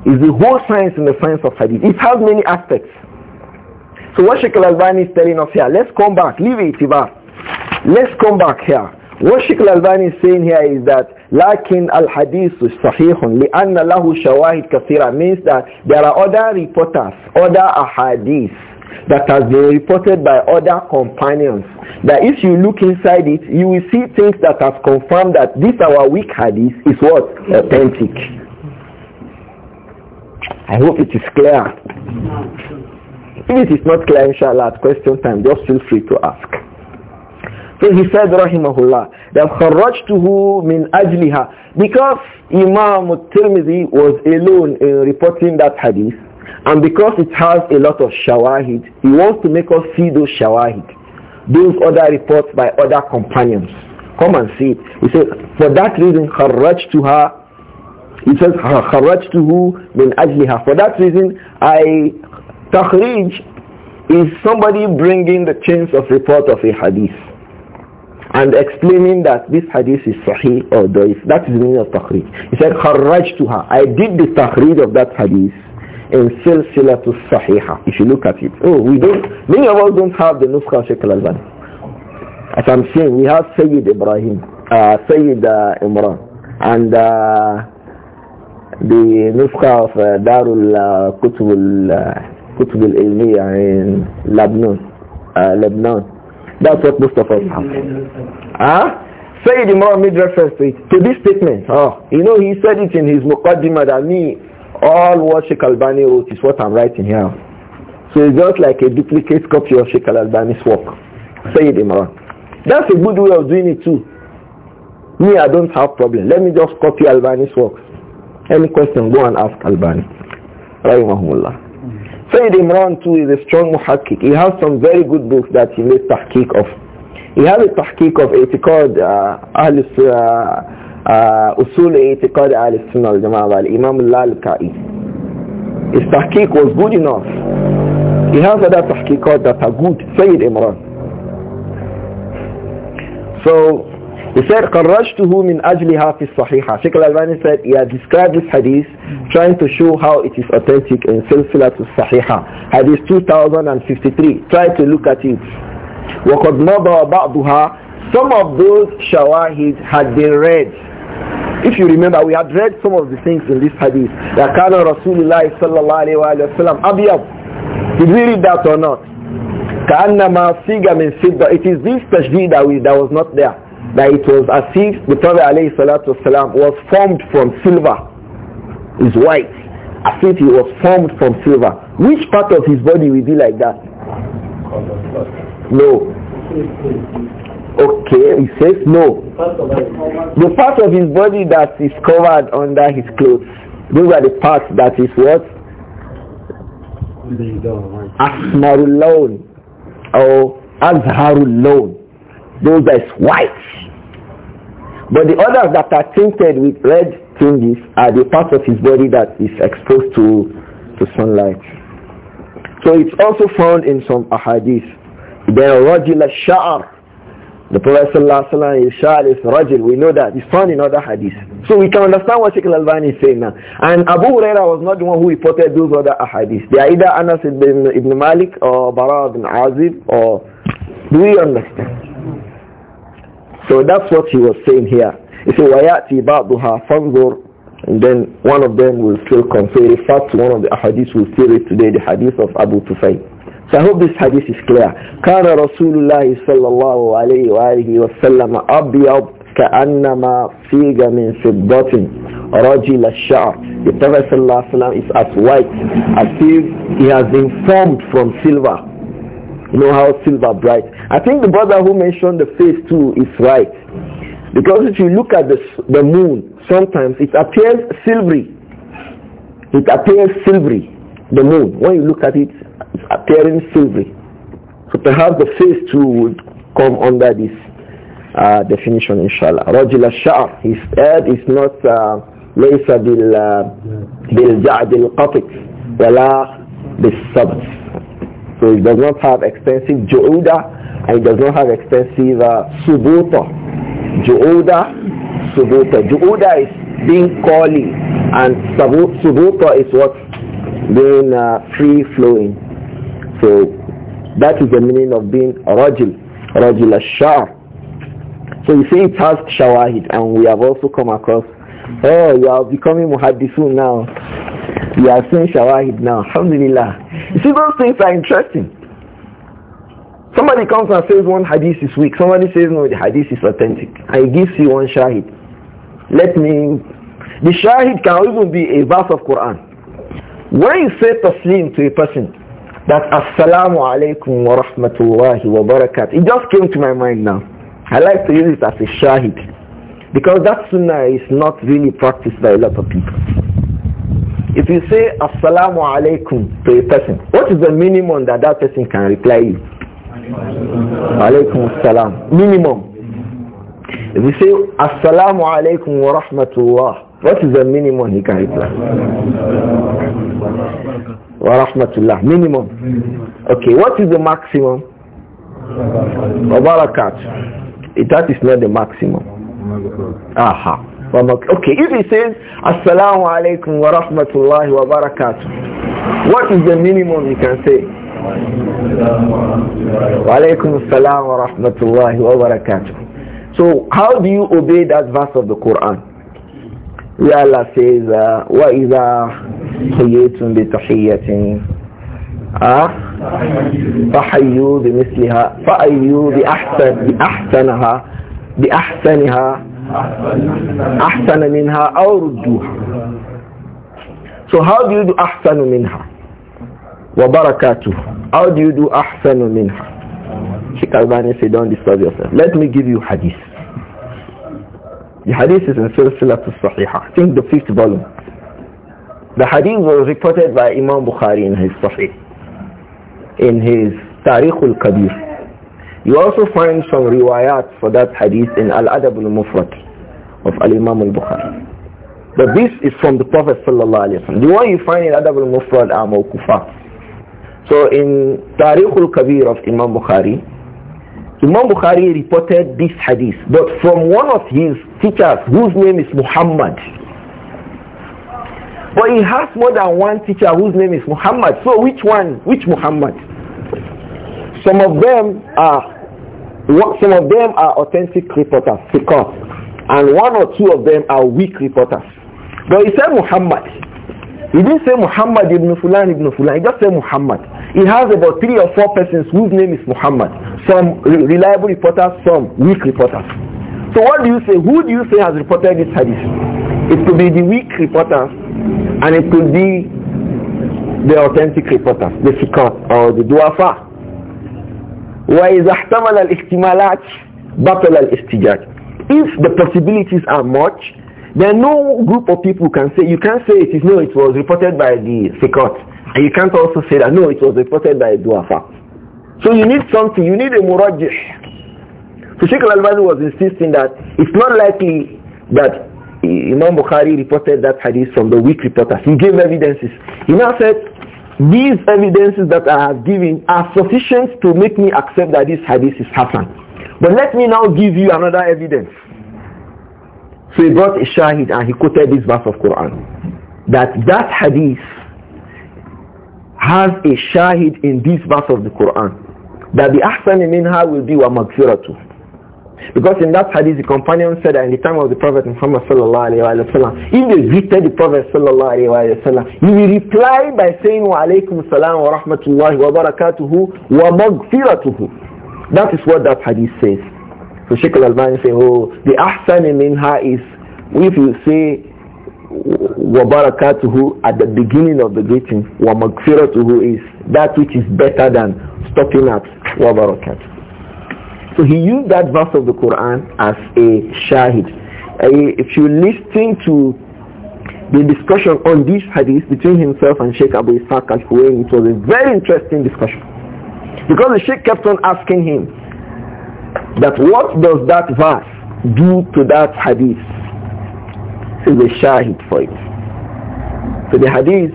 It's the whole science in the science of hadith. It has many aspects. So what Sheikh Al-Albani is telling us here, let's come back, leave it tibar. Let's come back here. What Sheikh Al-Albani is saying here is that لكن الحديث صحيح لأن له شواهد كثيرة means that there are other reporters, other ahadith that has been reported by other companions that if you look inside it, you will see things that have confirmed that this our weak hadith is what? Authentic. I hope it is clear. If it is not clear, inshallah, at question time, just feel free to ask. So he said, rahimahullah, that kharrajtuhu min ajliha. Because Imam al-Tirmidhi was alone in reporting that hadith, and because it has a lot of shawahid, he wants to make us see those shawahid, those other reports by other companions. Come and see it. He said, for that reason, to her. He says, who min ajliha. For that reason, I, takhrij is somebody bringing the chains of report of a hadith and explaining that this hadith is sahih or daif. That is the meaning of takhrij. He said, to her. I did the takhrij of that hadith in to Sahiha. If you look at it. Oh, we don't, many of us don't have the Nuskha Sheikh al-Albani. As I'm saying, we have Sayyid Ibrahim, uh, Sayyid uh, Imran, and uh, the Nuskha of uh, Darul uh, Kutub al-Kutub uh, al-Ilmiya in Lebanon. Uh, Lebanon. That's what most of us have. Huh? Sayyid Imran made reference to, it, to this statement. Oh, you know, he said it in his Muqaddimah that me, all what Sheikh Albani wrote is what I'm writing here. So it's just like a duplicate copy of Sheikh Albani's work. it, Imran. That's a good way of doing it too. Me, I don't have problem. Let me just copy Albani's work. Any question, go and ask Albani. Rahimahullah. Sayyid Imran too is a strong muhakkik. He has some very good books that he made tahqiq of. He has a tahqiq of itiqad, uh, ahl, uh, أصول al أهل wal Imamul والإمام اللالكائي His tahqiq was good enough. He has other tahqiqat that are good. Sayyid Imran. So, he said, قررشته من Ajliha fi الصحيحة. Sheikh Al-Albani said, he had described this hadith trying to show how it is authentic in Silsilat to sahiha Hadith 2053. Try to look at it. وقد مضى بعضها Some of those shawahid had been read if you remember, we had read some of the things in this hadith. That kana Rasulullah sallallahu alayhi wa sallam abiyab. Did we read that or not? Ka'annama siga min sidda. It is this tajdeed that, was not there. That it was as if the Prophet alayhi salatu was formed from silver. Is white. As if he was formed from silver. Which part of his body will be like that? No. Okay, he says no. The part of his body that is covered under his clothes. Those are the parts that is what? Asmarul loan or azharul loan. Those that is white. But the others that are tinted with red tinges are the parts of his body that is exposed to, to sunlight. So it's also found in some ahadith. Then rajul the Prophet sallallahu is shal rajil. We know that. It's found in other hadith. So we can understand what Sheikh al-Albani is saying now. And Abu Huraira was not the one who reported those other hadiths. They are either Anas ibn, ibn Malik or Bara ibn Azib or... Do we understand? So that's what he was saying here. He said, وَيَأْتِي بَعْضُهَا فَانْظُرْ and then one of them will still confer. In fact, one of the hadiths will still read today, the hadith of Abu Tufayl. So I hope this hadith is clear. كان رسول الله صلى الله عليه وآله وسلم أبيض كأنما فيج من فضة رجل الشعر. The Prophet صلى الله عليه وسلم is as white as if he has been formed from silver. You know how silver bright. I think the brother who mentioned the face too is right. Because if you look at the, the moon, sometimes it appears silvery. It appears silvery the moon, when you look at it, it's appearing silvery. So perhaps the face too would come under this uh, definition, inshallah. Rajul al-sha'r, his head is not ليس بال بالجعد القطع bil بالصبت. Uh, so it does not have extensive ju'uda and it does not have extensive uh, subuta. Ju'uda, subuta. Ju'uda is being calling and subuta is what being uh, free flowing. So that is the meaning of being rajil, rajil ashar. So you see it has shawahid and we have also come across, oh you are becoming muhaddisun now. You are seeing shawahid now. Alhamdulillah. You see those things are interesting. Somebody comes and says one hadith is weak. Somebody says no, the hadith is authentic. I give you one shahid. Let me, the shahid can even be a verse of Quran. When you say taslim to a person, that assalamu alaikum wa rahmatullahi wa barakat, it just came to my mind now. I like to use it as a shahid. Because that sunnah is not really practiced by a lot of people. If you say assalamu alaikum to a person, what is the minimum that that person can reply you? alaikum assalam. Minimum. If you say assalamu alaikum wa rahmatullah, what is the minimum he can reply? Wa rahmatullah. Minimum. Okay, what is the maximum? Wa barakat. That is not the maximum. Aha. Okay, if he says, Assalamu alaikum wa rahmatullahi wa barakatuh, what is the minimum you can say? Wa alaikum assalam wa rahmatullahi wa barakatuh. So how do you obey that verse of the Quran? where Allah says, uh, Bi حُيِّيتُمْ بِتَحِيَّةٍ فحيوا بمثلها فأيوا بأحسن بأحسنها بأحسنها أحسن منها أو ردوها So how do you do Minha Wa وبركاته How do you do أحسن Minha Shikalbani Say don't disturb yourself Let me give you hadith the hadith is in Silsilat al-Sahihah. I think the fifth volume. The hadith was reported by Imam Bukhari in his Sahih. In his Tariq al-Kabir. You also find some riwayat for that hadith in Al-Adab al-Mufrad of Al-Imam al-Bukhari. But this is from the Prophet sallallahu alaihi wasallam. The one you find in Adab al-Mufrad are Mawkufat. So in Tariq al-Kabir of Imam Bukhari, Imam Bukhari reported this hadith, but from one of his teachers whose name is Muhammad. But he has more than one teacher whose name is Muhammad. So which one? Which Muhammad? Some of them are some of them are authentic reporters, because, and one or two of them are weak reporters. But he said Muhammad. He didn't say Muhammad ibn Fulan ibn Fulan. He just said Muhammad. He has about three or four persons whose name is Muhammad. Some reliable reporters, some weak reporters. So what do you say? Who do you say has reported this hadith? It could be the weak reporters and it could be the authentic reporters, the sikat or the duafa. وَإِذَا احْتَمَلَ الْإِحْتِمَالَاتِ بَطَلَ الْإِسْتِجَاجِ If the possibilities are much, there are no group of people can say, you can't say it is, no, it was reported by the Secot And you can't also say that, no, it was reported by Duafa. So you need something, you need a murajih. So Sheikh Al-Albani was insisting that it's not likely that Imam Bukhari reported that hadith from the weak reporters. He gave evidences. He now said, these evidences that I have given are sufficient to make me accept that this hadith is Hassan. But let me now give you another evidence. So he brought a shahid and he quoted this verse of Quran. That that hadith has a shahid in this verse of the Quran. That the ahsan minha will be wa magfiratu. Because in that hadith the companion said that in the time of the Prophet Muhammad sallallahu alayhi wa sallam, if they greeted the Prophet sallallahu alayhi wa sallam, he will reply by saying wa alaykum salam wa rahmatullahi wa barakatuhu wa magfiratuhu. That is what that hadith says. So Sheikh Al-Albani saying, oh, the ahsan minha is, if you say وَبَرَكَاتُهُ at the beginning of the greeting, وَمَغْفِرَتُهُ is that which is better than stopping at وَبَرَكَاتُهُ. So he used that verse of the Quran as a shahid. If you listen to the discussion on this hadith between himself and Sheikh Abu Ishaq al-Huwayn, it was a very interesting discussion. Because the Sheikh kept on asking him, that what does that verse do to that hadith is a shahid for it. So the hadith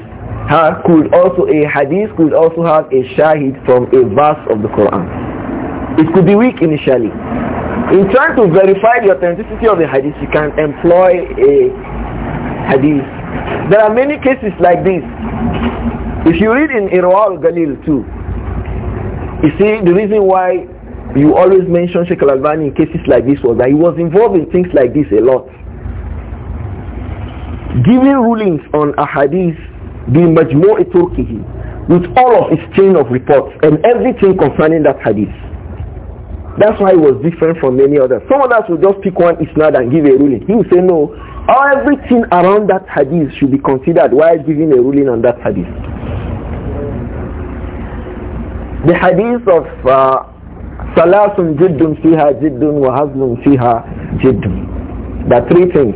ha, could also, a hadith could also have a shahid from a verse of the Quran. It could be weak initially. In trying to verify the authenticity of the hadith, you can employ a hadith. There are many cases like this. If you read in Irwa al-Galil too, you see the reason why you always mention Sheikh Al-Albani in cases like this was that he was involved in things like this a lot. Giving rulings on a hadith, much more Turkihi, with all of its chain of reports and everything concerning that hadith. That's why it was different from many others. Some of us will just pick one isnad and give a ruling. He will say no. Everything around that hadith should be considered while giving a ruling on that hadith. The hadith of uh, Salasun jiddun fiha jiddun wa hazlun fiha jiddun. There are three things.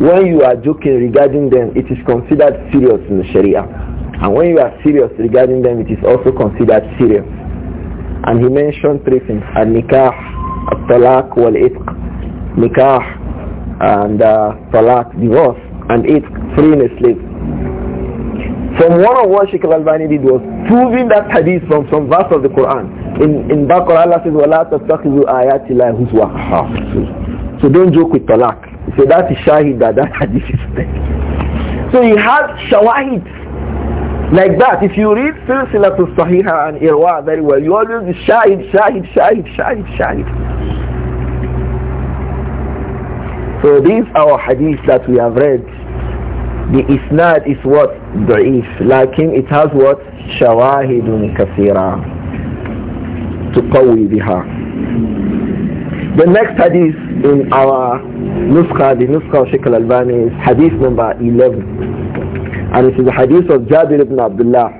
When you are joking regarding them, it is considered serious in the Sharia. And when you are serious regarding them, it is also considered serious. And he mentioned three things. Al-nikah, al-talaq, wal-itq. Nikah and uh, talaq, divorce, and itq, freeing a slave. From one of what Sheikh al-Albani did was proving that hadith from some verse of the Quran in in Baqarah Allah says wala tattakhizu ayati la huzwa so don't joke with talak so that is shahid that that hadith is there so he has shawahid like that if you read silsilatul sahiha and irwa very well you always shahid shahid shahid shahid shahid so these our hadith that we have read the isnad is what da'if lakin it has what shawahidun kathira تقوي بها the next hadith in our Nuskha, the Nuskha of Sheikh al-Albani is hadith number 11. And it is the hadith of Jabir ibn Abdullah.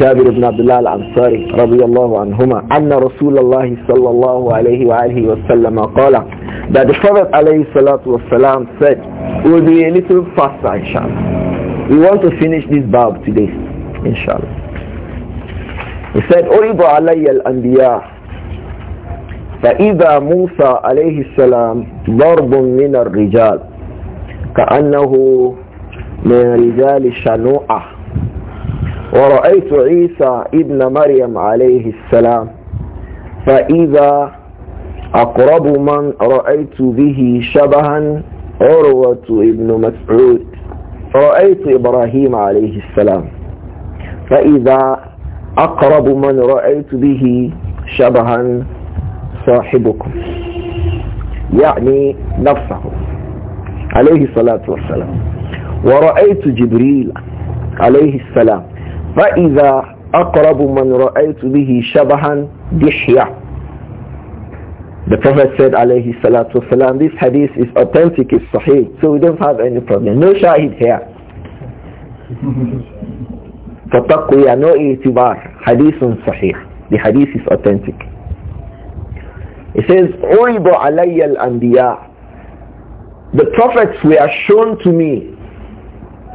Jabir ibn Abdullah al-Ansari radiyallahu anhuma. Anna Rasulullah sallallahu alayhi wa alihi wa sallam قال That the Prophet alayhi salatu wa salam said, we'll be a little faster inshallah. We want to finish this bab today inshallah. He said, أُرِضَ عَلَيَّ الْأَنْبِيَاءِ فإذا موسى عليه السلام ضرب من الرجال كأنه من رجال الشنوعة ورأيت عيسى ابن مريم عليه السلام فإذا أقرب من رأيت به شبها عروة ابن مسعود رأيت إبراهيم عليه السلام فإذا أقرب من رأيت به شبها صاحبكم يعني نفسه عليه الصلاة والسلام ورأيت جبريل عليه السلام فإذا أقرب من رأيت به شبها دحية The Prophet said عليه الصلاة والسلام this hadith is authentic, it's sahih so we don't have any problem no shahid here تتقي no اعتبار حديث صحيح the hadith is authentic it says عرض علي الأنبياء the prophets were shown to me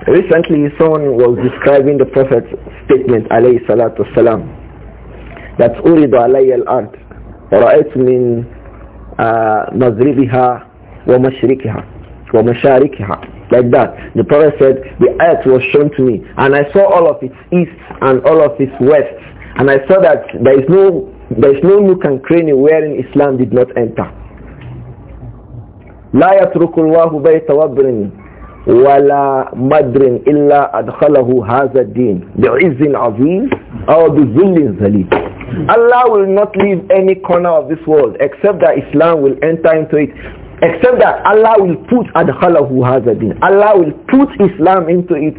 recently someone was describing the prophet's statement عليه الصلاة والسلام that عرض علي الأرض ورأيت من مغربها ومشرقها ومشاركها like that. The Prophet said, the earth was shown to me, and I saw all of its east and all of its west. And I saw that there is no, there is no nook and cranny wherein Islam did not enter. لا يترك الله بيت وبر ولا مدر إلا أدخله هذا الدين بعز عظيم أو بذل ذليل Allah will not leave any corner of this world except that Islam will enter into it Except that Allah will put adhalahu hazadin. Allah will put Islam into it.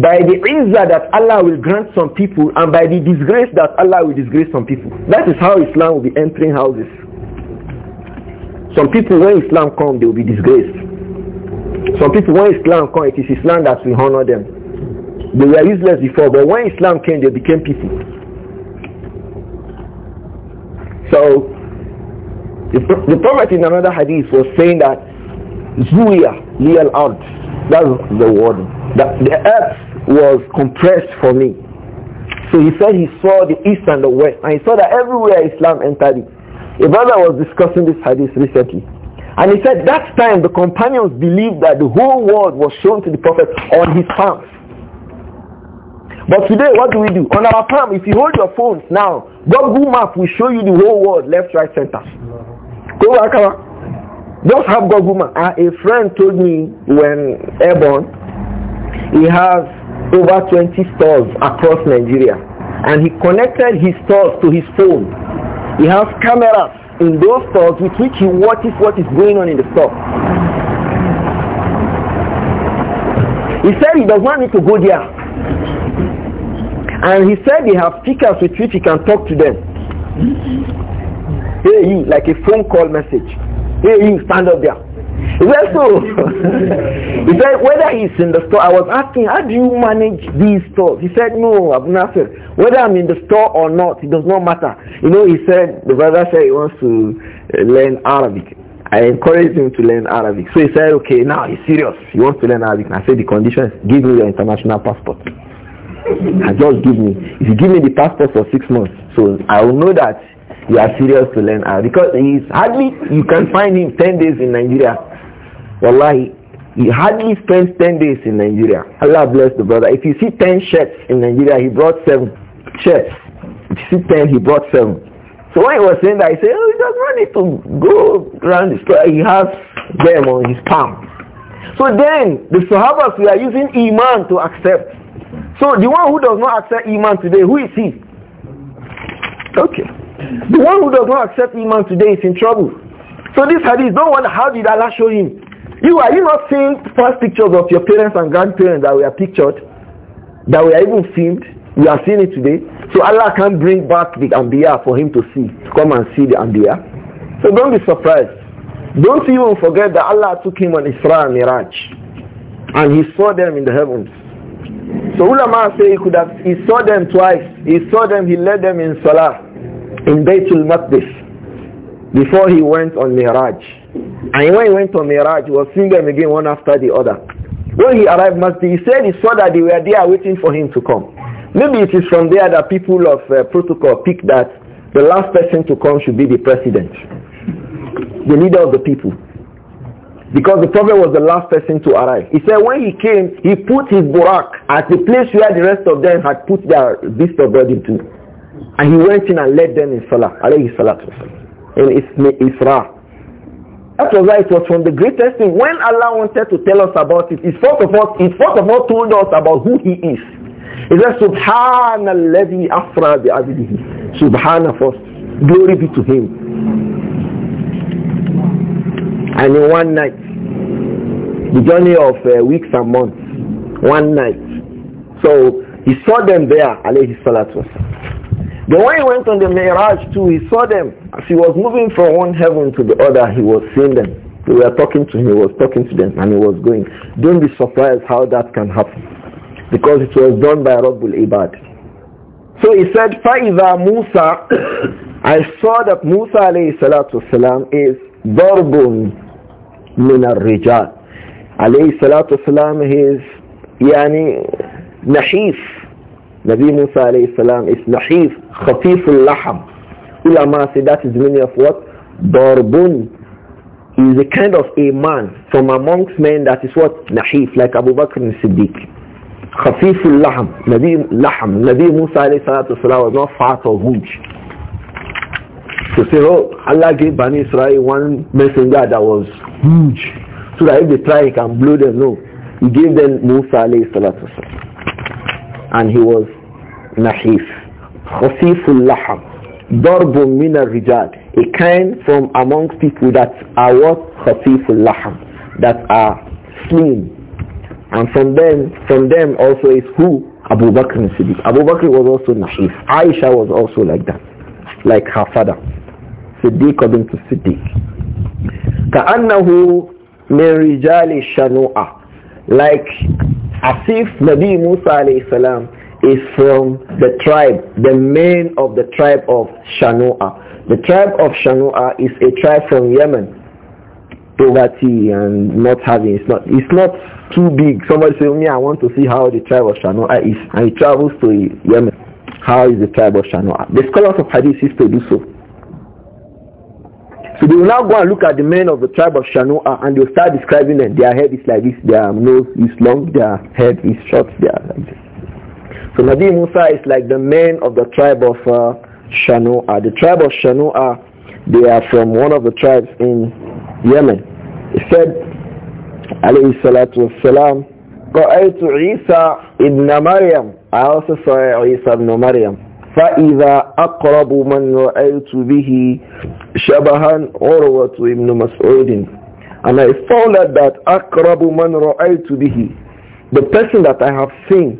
By the izzah that Allah will grant some people and by the disgrace that Allah will disgrace some people. That is how Islam will be entering houses. Some people when Islam come they will be disgraced. Some people when Islam come it is Islam that will honor them. They were useless before but when Islam came they became people. So the, Prophet in another hadith was saying that Zuya, Liyal Ard, that's the word, that the earth was compressed for me. So he said he saw the east and the west, and he saw that everywhere Islam entered it. A brother was discussing this hadith recently. And he said that time the companions believed that the whole world was shown to the prophet on his palms. But today, what do we do? On our palm, if you hold your phones now, Google Map will show you the whole world, left, right, center ko ba just have God woman uh, a friend told me when airborne he has over 20 stores across Nigeria and he connected his stores to his phone he has cameras in those stores with which he watches what is going on in the store He said he does not need to go there. And he said they have speakers with which he can talk to them. Hey, you, like a phone call message. Hey, you, stand up there. Is that so? he said, whether he's in the store, I was asking, how do you manage these stores? He said, no, I've nothing. Whether I'm in the store or not, it does not matter. You know, he said, the brother said he wants to uh, learn Arabic. I encouraged him to learn Arabic. So he said, okay, now he's serious. He wants to learn Arabic. And I said, the condition is give me your international passport. and just give me. If you give me the passport for six months, so I will know that you are serious to learn Arabic ah, because he's hardly you can find him 10 days in Nigeria wallahi he hardly spends 10 days in Nigeria Allah bless the brother if you see 10 shirts in Nigeria he brought 7 shirts if you see 10 he brought 7 so when he was saying that, he said, oh, he doesn't want it to go around the store. He has them on his palm. So then, the Sahabas, we are using Iman to accept. So the one who does not accept Iman today, who is he? Okay. The one who does not accept Iman today is in trouble. So this hadith, don't wonder how did Allah show him. You are you not seeing first pictures of your parents and grandparents that were pictured, that were even filmed? We are seeing it today. So Allah can bring back the Anbiya for him to see, to come and see the Anbiya. So don't be surprised. Don't even forget that Allah took him on Isra and Miraj. And he saw them in the heavens. So ulama say he could have, he saw them twice. He saw them, he led them in Salah in Baytul Maqdis before he went on Miraj. And when he went on Miraj, he was seeing them again one after the other. When he arrived Masjid, he said he saw that they were there waiting for him to come. Maybe it is from there that people of uh, protocol pick that the last person to come should be the president, the leader of the people. Because the prophet was the last person to arrive. He said when he came, he put his burak at the place where the rest of them had put their beast of burden to. And he went in and led them in Salah, alayhi salatu in Isra. That was why it was from the greatest thing. When Allah wanted to tell us about it, it first of all, it first of all told us about who he is. He said, Subhanalladhi afra bi abdihi. Subhana first. Glory be to him. And in one night, the journey of uh, weeks and months, one night. So he saw them there, alayhi salatu wasalam. Then when he went on the Miraj too, he saw them. As he was moving from one heaven to the other, he was seeing them. They were talking to him, he was talking to them, and he was going. Don't be surprised how that can happen. Because it was done by Rabbul Ibad. So he said, فَإِذَا Musa, I saw that Musa alayhi salatu salam is ضَرْبٌ مِنَ الرِّجَالِ alayhi salatu salam. he is, yani, nahif, نبي موسى عليه السلام is nahif, khafiful laham. Ulama say that is the meaning of what? Darbun is a kind of a man from amongst men that is what? نحيف like Abu Bakr and Siddiq. Khafiful laham. Nabi, laham. Nabi Musa alayhi salatu salam was not fat or huge. to say, oh, Allah gave Bani Israel one messenger that was huge. So that if they try, he can blow them. No. He gave them Musa عليه الصلاة والسلام and he was nahif. Khasiful laham. Darbun min rijad A kind from amongst people that are what? Khasiful laham. That are slim. And from them, from them also is who? Abu Bakr Siddiq. Abu Bakr was also nahif. Aisha was also like that. Like her father. Siddiq ibn Siddiq. كأنه من رجال الشنوءة like as if Nabi Musa salam is from the tribe, the man of the tribe of Shanoa. The tribe of Shanoa is a tribe from Yemen. Poverty and not having, it's not, it's not too big. Somebody say, me, I want to see how the tribe of Shanoa is. And he travels to Yemen. How is the tribe of Shanoa? The scholars of hadith used to do so. So they will now go and look at the men of the tribe of Shanoah uh, and they will start describing them. Their head is like this, their nose is long, their head is short, they are like this. So Nabi Musa is like the men of the tribe of uh, Shanoah. Uh, the tribe of Shanoah, uh, they are from one of the tribes in Yemen. He said, alayhi salatu wassalam, قَأَيْتُ عِيسَى ibn Maryam. I also saw Isa ibn Maryam. فإذا أقرب من رأيت به شبها عروة ابن مسعود And I followed that أقرب من رأيت به The person that I have seen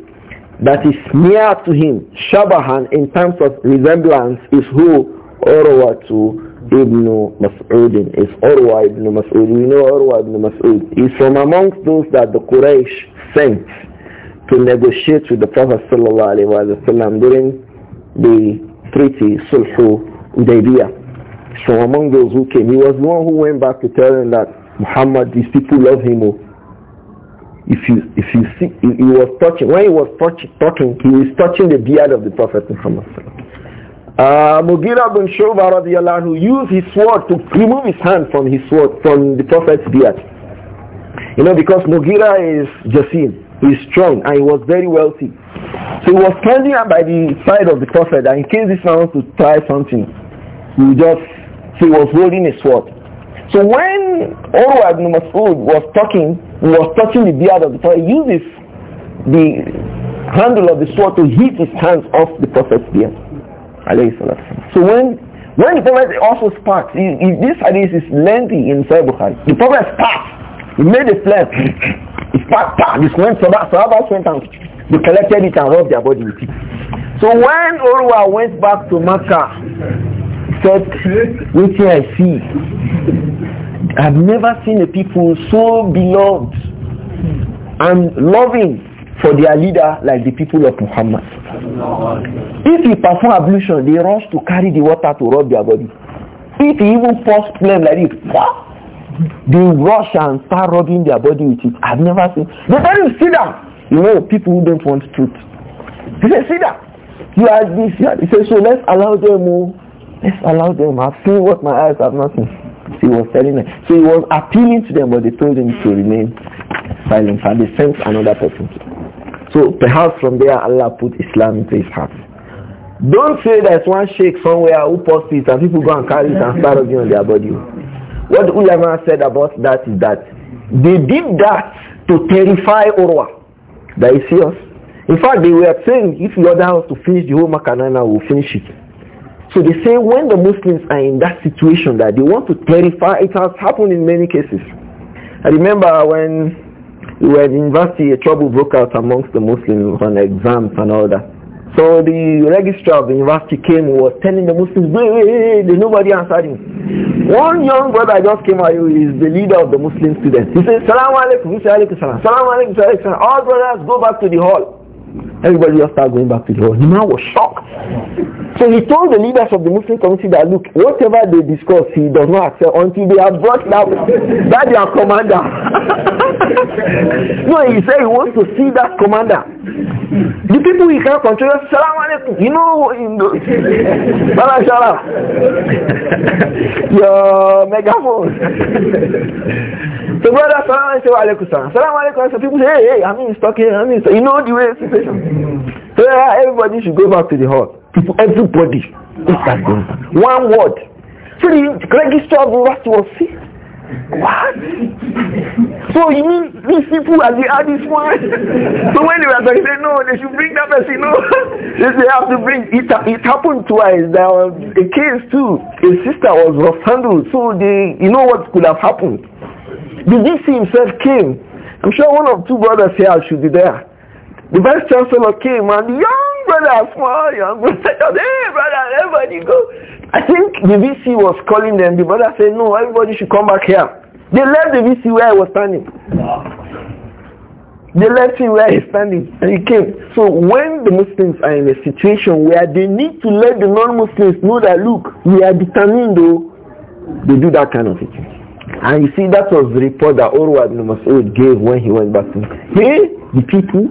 that is near to him, shabahan in terms of resemblance is who? Urwa to Ibn Mas'ud is Urwa Ibn Mas'ud. We know Urwa Ibn Mas'ud. He's from amongst those that the Quraysh sent to negotiate with the Prophet Wasallam during the treaty Sulhu Udaybiyah. So among those who came, he was the one who went back to tell them that Muhammad, these people love him. Oh. If you if you see, he was touching when he was touching, talking, he was touching the beard of the Prophet Muhammad. Uh, Mughira bin Shuba radiallahu used his sword to remove his hand from his sword from the Prophet's beard. You know, because Mughira is Jasim, he's strong and he was very wealthy. So he was standing by the side of the prophet that in case this man wants to try something, he just, so he was holding a sword. So when Urwa ibn Mas'ud was talking, he was touching the beard of the prophet, he uses the handle of the sword to hit his hands off the prophet's beard. So when when the prophet also sparks, he, he, this hadith is lengthy in Sahih Bukhari. The prophet sparks. He made a flame. He sparked. This went, Sahabas went and they collected it and rubbed their body with it. So when Urwa went back to Mecca, said, here, I see, I've never seen a people so beloved and loving for their leader like the people of Muhammad. If he perform ablution, they rush to carry the water to rub their body. If he even pours phlegm like this, they rush and start rubbing their body with it. I've never seen. They tell him, you know, people who don't want truth. He said, see that? You are this, you are this. He said, so let's allow them, oh, let's allow them. I've seen what my eyes have not seen. He was telling them. So he was appealing to them, but they told him to remain silent. And they sent another person. So perhaps from there Allah put Islam into his heart. Don't say there's one sheikh somewhere who posts it and people go and carry it and start arguing on their body. What the ulama said about that is that they did that to terrify Urwa. That is yours. In fact, they were saying if you order us to finish the whole Makanana, we'll finish it. So they say when the Muslims are in that situation that they want to terrify. it has happened in many cases. I remember when we were in university, a trouble broke out amongst the Muslims on exams and all that. So the registrar of the university came was telling the Muslims, wait, wait, wait, there's nobody answered him. One young brother just came out, he is the leader of the Muslim students. He said, Salaam alaikum, alaikum salam, alaikum. alaikum, alaikum All brothers go back to the hall. Everybody just started going back to the hall. The man was shocked. So he told the leaders of the Muslim community that look, whatever they discuss, he does not accept until they are brought that by their commander. no, he said he wants to see that commander. The people we can't control, salam alaikum. You know, you know salam Your megaphone. so brother, salam alaikum, salam. Salam alaikum. So people say, hey, hey, I mean, it's talking, I am in. mean, you know the way situation. So yeah, everybody should go back to the hall. everybody. One word. So the register of the was fixed. What? so you mean these people as the are this one? so when they were talking, they no, they should bring that person. No, they have to bring. It, it happened twice. There was a case too. A sister was handled. So they, you know what could have happened? The DC himself came. I'm sure one of two brothers here should be there. The vice chancellor came and the young brother, small young brother, hey brother, everybody go. I think the VC was calling them. The brother said, no, everybody should come back here. They left the VC where I was standing. They left him where he's standing and he came. So when the Muslims are in a situation where they need to let the non-Muslims know that, look, we are determined though, they do that kind of thing. And you see, that was the report that Orwa ibn gave when he went back to Hey, the people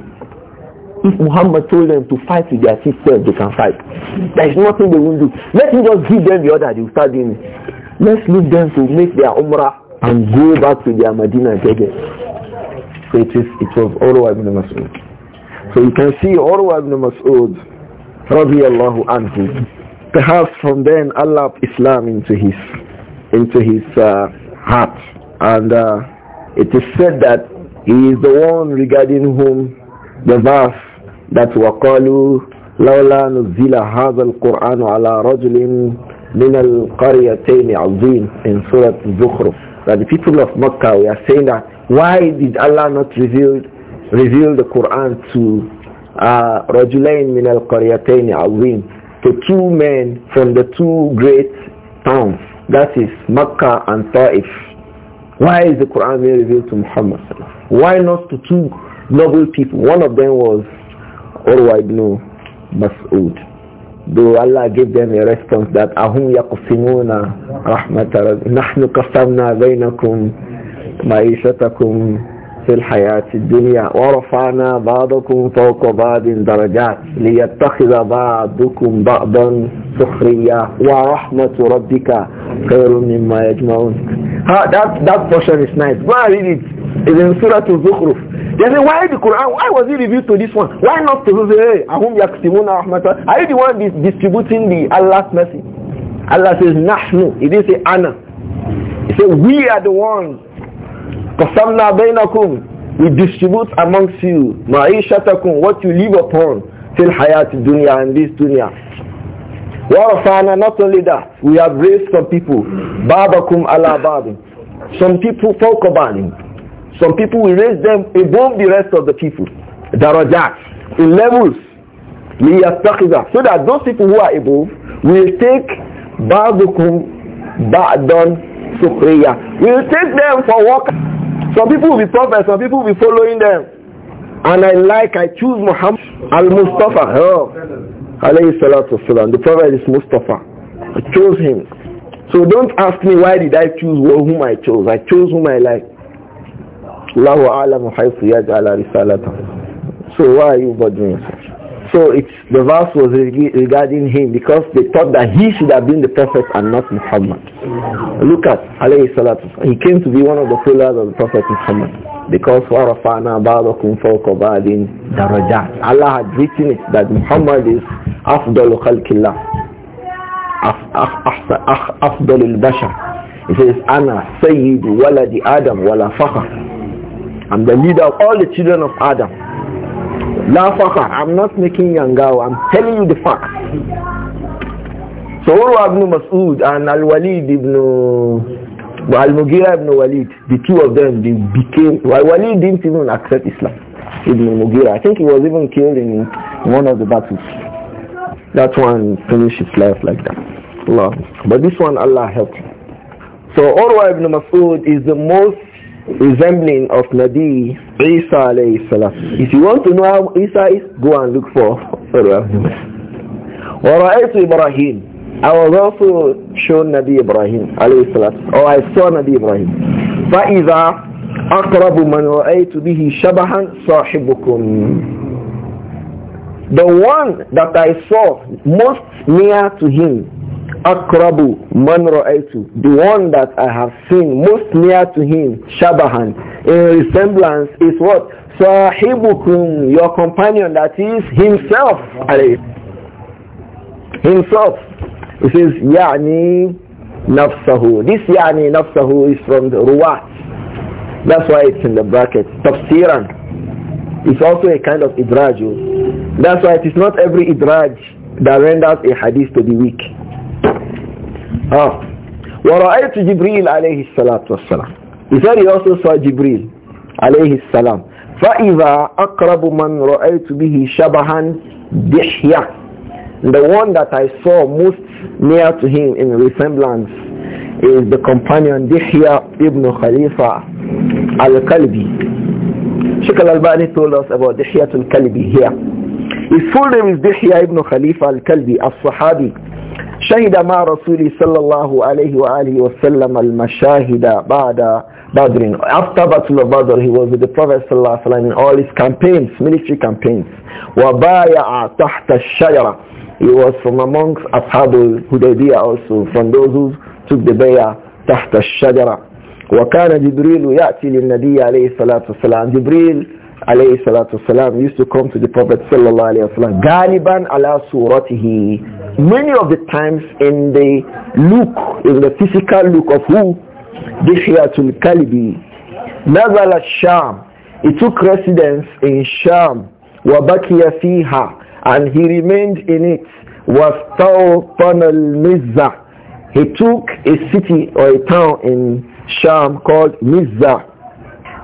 if Muhammad told them to fight with their sisters, they can fight. There is nothing they will do. Let me just give them the order, they will start doing it. Let's leave them to make their umrah and go back to their Medina again. it. So it, is, it was Urwa ibn Mas'ud. So you can see Urwa ibn Mas'ud, radiallahu anhu. Perhaps from then Allah Islam into his, into his uh, heart. And uh, it is said that he is the one regarding whom the verse that وَقَالُوا لولا نزل هذا القرآن على رجل من القريتين عظيم in Surah Zukhruf that the people of Mecca we are saying that why did Allah not reveal reveal the Quran to uh, min al القريتين عظيم to two men from the two great towns that is Mecca and Taif why is the Quran being revealed to Muhammad why not to two noble people one of them was Urwa ibn Mas'ud. do Allah give them a response that أَهُمْ يَقْسِمُونَ رَحْمَةَ رَبِّ نَحْنُ قَسَمْنَا بَيْنَكُمْ مَعِيشَتَكُمْ في الحياة الدنيا ورفعنا بعضكم فوق بعض درجات ليتخذ بعضكم بعضا سخرية ورحمة ربك خير مما يجمعون. That, that portion is nice. Go read it is in Surah to Zukhruf. They say, why the Quran? Why was it revealed to this one? Why not to this? who Ahum Yaksimuna Are you the one distributing the Allah's mercy? Allah says, Nahnu. He didn't say Ana. He said, we are the ones. Qasamna bainakum. We distribute amongst you. Ma'ishatakum. What you live upon. Till hayat dunya and this dunya. Warafana, not only that, we have raised some people. Babakum ala babin. Some people talk about him. Some people will raise them above the rest of the people. Darajat, in levels. So that those people who are above will take Ba'dukum Ba'dan Sukriya. We'll take them for work. Some people will be prophets, some people will be following them. And I like, I choose Muhammad al-Mustafa. Oh. Alayhi salatu wasalam. The prophet is Mustafa. I chose him. So don't ask me why did I choose whom I chose. I chose whom I like. So why are you bothering yourself? So it's, the verse was regarding him because they thought that he should have been the prophet and not Muhammad. Look at alayhi salatu. He came to be one of the pillars of the prophet Muhammad because warafana ba'dakum fawqa ba'din darajat. Allah had written it that Muhammad is afdalu khalqillah. Afdalul bashar. He says, Ana sayyidu waladi Adam wala fakhr. I'm the leader of all the children of Adam. La I'm not making yangawa. I'm telling you the facts. So Urwa ibn Mas'ud and Al-Walid ibn Al-Mughira ibn Walid, the two of them, they became, well, Walid didn't even accept Islam. Ibn Mughira. I think he was even killed in one of the battles. That one finished his life like that. Allah. But this one, Allah helped him. So Urwa ibn Mas'ud is the most resembling of Nabi Isa alayhi salam. If you want to know how Isa is, go and look for وَرَأَيْتُ Ibrahim. I was also shown Nabi Ibrahim alayhi salam. Or I saw Nabi Ibrahim. فَإِذَا أَقْرَبُ مَنْ رَأَيْتُ بِهِ شَبَهًا صَاحِبُكُمْ The one that I saw most near to him akrabu man ra'aytu the one that i have seen most near to him shabahan in resemblance is what sahibukum your companion that is himself himself it says yani nafsahu this yani nafsahu is from the ruwat that's why it's in the bracket tafsiran it's also a kind of idraj that's why it is not every idraj that renders a hadith to be weak Ah. وَرَأَيْتُ جِبْرِيلَ عَلَيْهِ الصَّلَاةُ وَالسَّلَامُ He said he also saw Jibril عليه السلام فَإِذَا أَقْرَبُ مَنْ رَأَيْتُ بِهِ شَبَهًا دِحْيَةً the one that I saw most near to him in resemblance is the companion Dihya ibn Khalifa al-Kalbi. Sheikh al bani told us about Dihya al-Kalbi here. His full name is Dihya ibn Khalifa al-Kalbi, al-Sahabi. شهد مع رسول صلى الله عليه وآله وسلم المشاهد بعد بدر After Battle of Badr, he was with the Prophet صلى الله عليه وسلم in all his campaigns, military campaigns. وَبَايَعَ تَحْتَ الشَّجَرَةِ He was from amongst أصحاب Hudaybiyah also, from those who took the bayah تحت الشجرة. وكان جبريل يأتي للنبي عليه الصلاة والسلام. جبريل alayhi salatu salam used to come to the Prophet sallallahu alayhi wasallam galiban ala suratihi many of the times in the look in the physical look of who Dihyatul Kalibi Nazal al-Sham He took residence in Sham wabakiya fiha and he remained in it wastawtana al-Mizza he took a city or a town in Sham called Mizza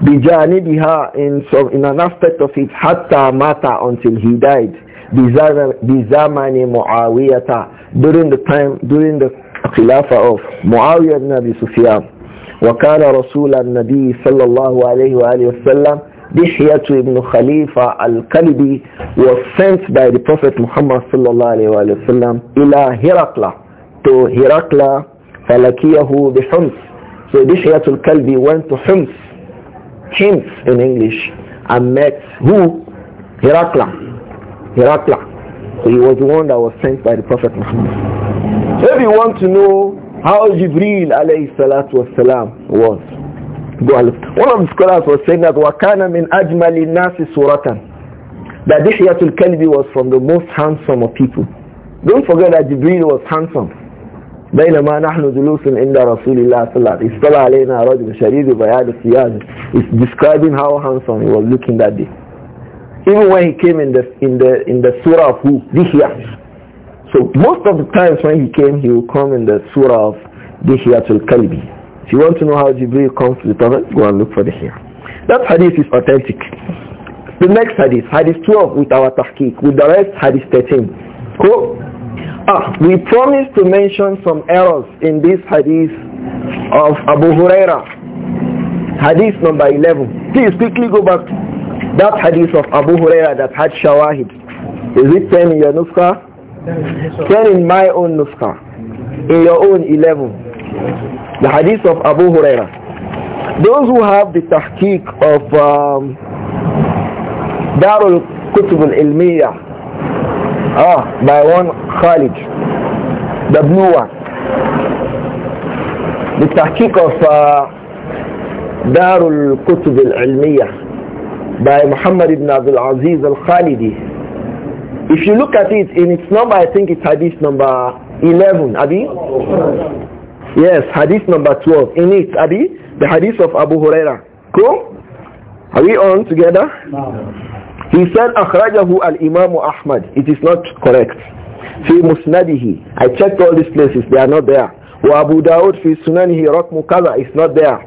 bijanibiha in some in an aspect of it hatta mata until he died bizamani muawiyata during the time during the khilafa of muawiyah ibn abi sufyan wa kana rasul an-nabi sallallahu alayhi wa alihi wasallam bihiyatu ibn khalifa al-kalbi was sent by the prophet muhammad sallallahu alayhi wa sallam ila hirakla to hirakla falakiyahu bihums so bihiyatu al-kalbi went to hums him in English, and met who? Herakla. Herakla. So he was the one that was sent by the Prophet Muhammad. So if you want to know how Jibril alayhi salatu wasalam was, go and look. One of the scholars was saying that Wakana مِنْ أَجْمَلِ النَّاسِ سُورَةً That yatul Kalbi was from the most handsome of people. Don't forget that Jibril was handsome. بينما نحن جلوس عند رسول الله صلى الله عليه وسلم علينا رجل شديد بياض الثياب is describing how handsome he was looking that day even when he came in the in the in the surah of who Dihya so most of the times when he came he would come in the surah of to Kalbi if you want to know how Jibril comes to the Prophet go and look for Dihya that hadith is authentic the next hadith hadith 12 with our tahqiq with the rest hadith 13 cool Ah, we promised to mention some errors in this hadith of Abu Huraira. Hadith number 11. Please quickly go back that hadith of Abu Huraira that had shawahid. Is it 10 in your nuskha? 10 in my own nuskha. In your own 11. The hadith of Abu Huraira. Those who have the tahqiq of um, Darul Kutub al-Ilmiyah Ah, by one Khalid, the blue one. The tahqiq of uh, Darul Kutub al-Ilmiyah by Muhammad ibn Abdul Aziz al-Khalidi. If you look at it in its number, I think it's hadith number 11, Abi? Yes, hadith number 12. In it, Abi, the hadith of Abu Huraira. Cool? Are we on together? No. He said akhrajahu al-Imam Ahmad. It is not correct. Fi musnadihi. I checked all these places. They are not there. Wa Abu Dawud fi sunanihi rakmu kaza. It's not there.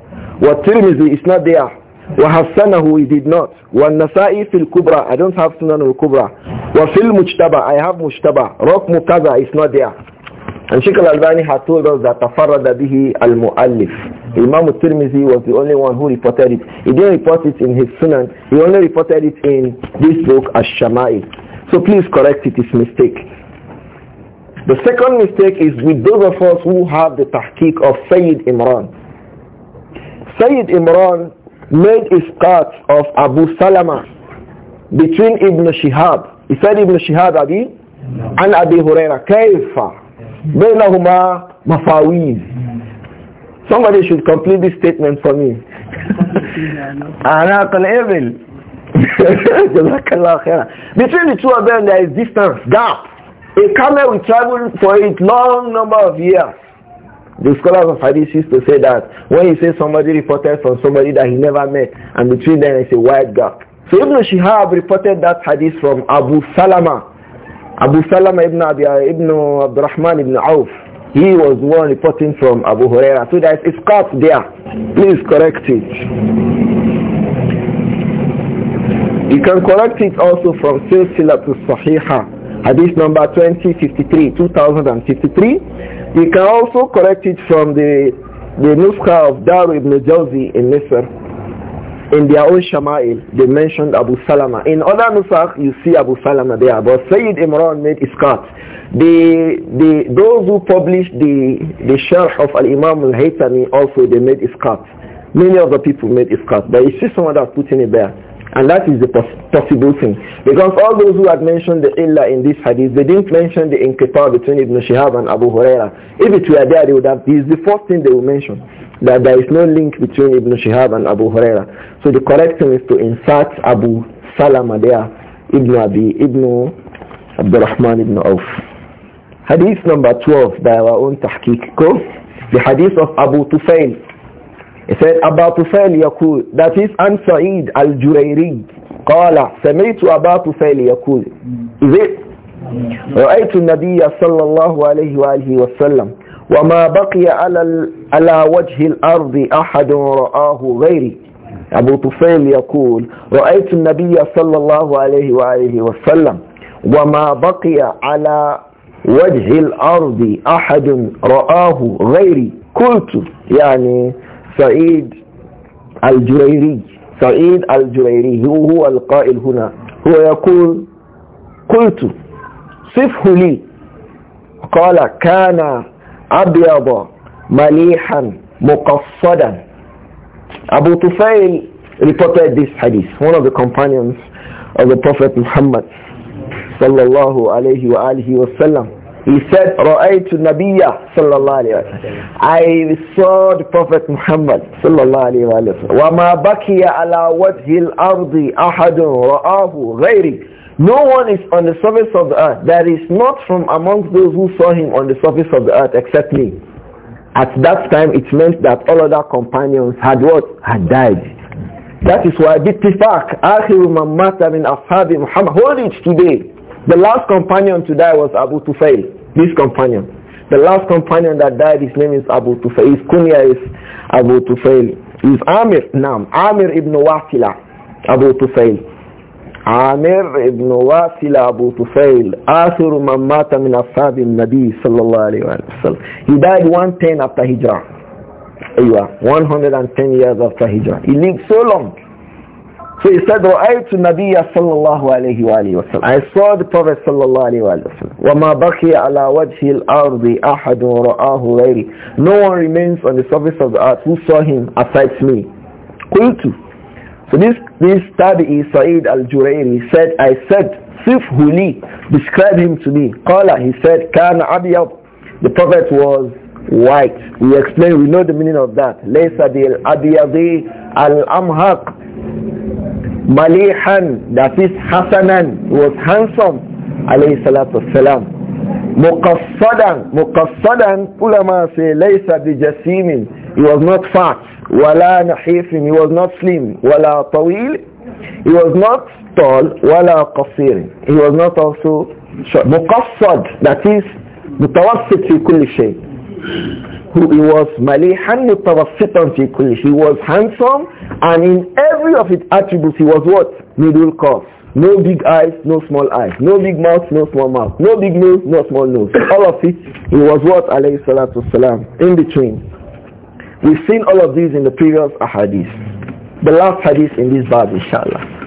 Wa Tirmizi. It's not there. Wa Hassanahu. He did not. Wa Nasai fi al-Kubra. I don't have sunan al-Kubra. Wa fil mujtaba. I have mujtaba. Rakmu kaza. It's not there. And Sheikh al-Albani had told us that tafarrada bihi al-mu'allif. Imam al was the only one who reported it. He didn't report it in his Sunan. He only reported it in this book, as shamai So please correct it, it's mistake. The second mistake is with those of us who have the tahqiq of Sayyid Imran. Sayyid Imran made a start of Abu Salama between Ibn Shihab. He said Ibn Shihab, Abi, and Abi Huraira, كيف بينهما مفاويز somebody should complete this statement for me between the two of them there is distance gap a camel will travel for a long number of years the scholars of hadith used to say that when you say somebody reported from somebody that he never met and between them is a wide gap. So Ibn Shihab reported that hadith from Abu Salama Abu Salama ibn Abi, uh, ibn Abdurrahman ibn Auf, he was one reporting from Abu Huraira. So there is caught there. Please correct it. You can correct it also from Silsila to Sahiha, hadith number 2053, 2053. You can also correct it from the, the Nuskha of Daru ibn Jawzi in Misr, in their own Shama'il, they mentioned Abu Salama. In other Nusakh, you see Abu Salama there. But Sayyid Imran made iskat. The, the, those who published the, the Sharh of Al-Imam Al-Haytami also, they made iskat. Many of the people made iskat. But you see someone that put in it there. And that is the possible thing. Because all those who had mentioned the illa in this hadith, they didn't mention the inqita between Ibn Shihab and Abu Huraira. If it were there, they would have, this is the first thing they will mention, that there is no link between Ibn Shihab and Abu Huraira. So the correct thing is to insert Abu Salama there, Ibn Abi, Ibn Abdurrahman ibn Auf. Hadith number 12 by our own tahqiq. The hadith of Abu Tufail He said, Aba Tufail Yakul, that is An Sa'id al-Jurayri, قال سمعت أبا طفيل يقول Is it? رأيت النبي صلى الله عليه وآله وسلم وما بقي على على وجه الأرض أحد رآه غيري أبو طفيل يقول رأيت النبي صلى الله عليه وآله وسلم وما بقي على وجه الأرض أحد رآه غيري قلت يعني سعيد الجريري سعيد الجريري هو, هو القائل هنا هو يقول قلت صفه لي قال كان أبيض مليحا مقصدا أبو طفيل reported this hadith, one of the companions of the Prophet Muhammad sallallahu alayhi wa alihi wa sallam. He said, رَأَيْتُ النَّبِيَّ sallallahu الله عليه I saw the Prophet Muhammad صلى الله عليه Wa وَمَا بَكِيَ عَلَى وَجْهِ ardi ahadun raahu غَيْرِي no one is on the surface of the earth. That is not from amongst those who saw him on the surface of the earth except me. At that time, it meant that all other companions had what? Had died. That is why bittifak, akhiru man mata min ashabi Muhammad. Hold it today. The last companion to die was Abu Tufail, this companion. The last companion that died, his name is Abu Tufail. His kunya is Abu Tufail. He's Amir, Nam, Amir ibn Wasila, Abu Tufail. Amir ibn Wasila. Abu Tufail. as من مات من أصحاب النبي صلى الله He died 110 after Hijrah. أيوة 110 years after Hijrah. He lived so long. So he said, رَأَيْتُ النَّبِيَّ صَلَّى اللَّهُ عَلَيْهِ وَآلِهِ وَسَلَّمَ I saw the Prophet صلى الله عليه وسلم. وَمَا بَقِيَ عَلَى وَجْهِ الْأَرْضِ أَحَدٌ رَآهُ غَيْرِي No one remains on the surface of the earth who saw him aside me. قُلْتُ So this, this Tabi'i Sa'id al He said, I said, صِفْهُ لِي Describe him to me. قَالَ He said, كَانَ The Prophet was white. We explain, we know the meaning of that. لَيْسَ al الْأَمْهَقِ malihan that is hasanan was handsome alayhi salatu wassalam muqassadan muqassadan ulama say laysa bijasimin he was not fat wala nahifin he was not slim wala tawil he was not tall wala qasir he was not also short muqassad that is متوسط في كل شيء who he was malihan mutawassitan fi kulli. He was handsome and in every of his attributes he was what? Middle class. No big eyes, no small eyes. No big mouth, no small mouth. No big nose, no small nose. All of it, he was what? Alayhi salatu wasalam. In between. We've seen all of these in the previous hadiths. The last hadith in this bar, inshallah.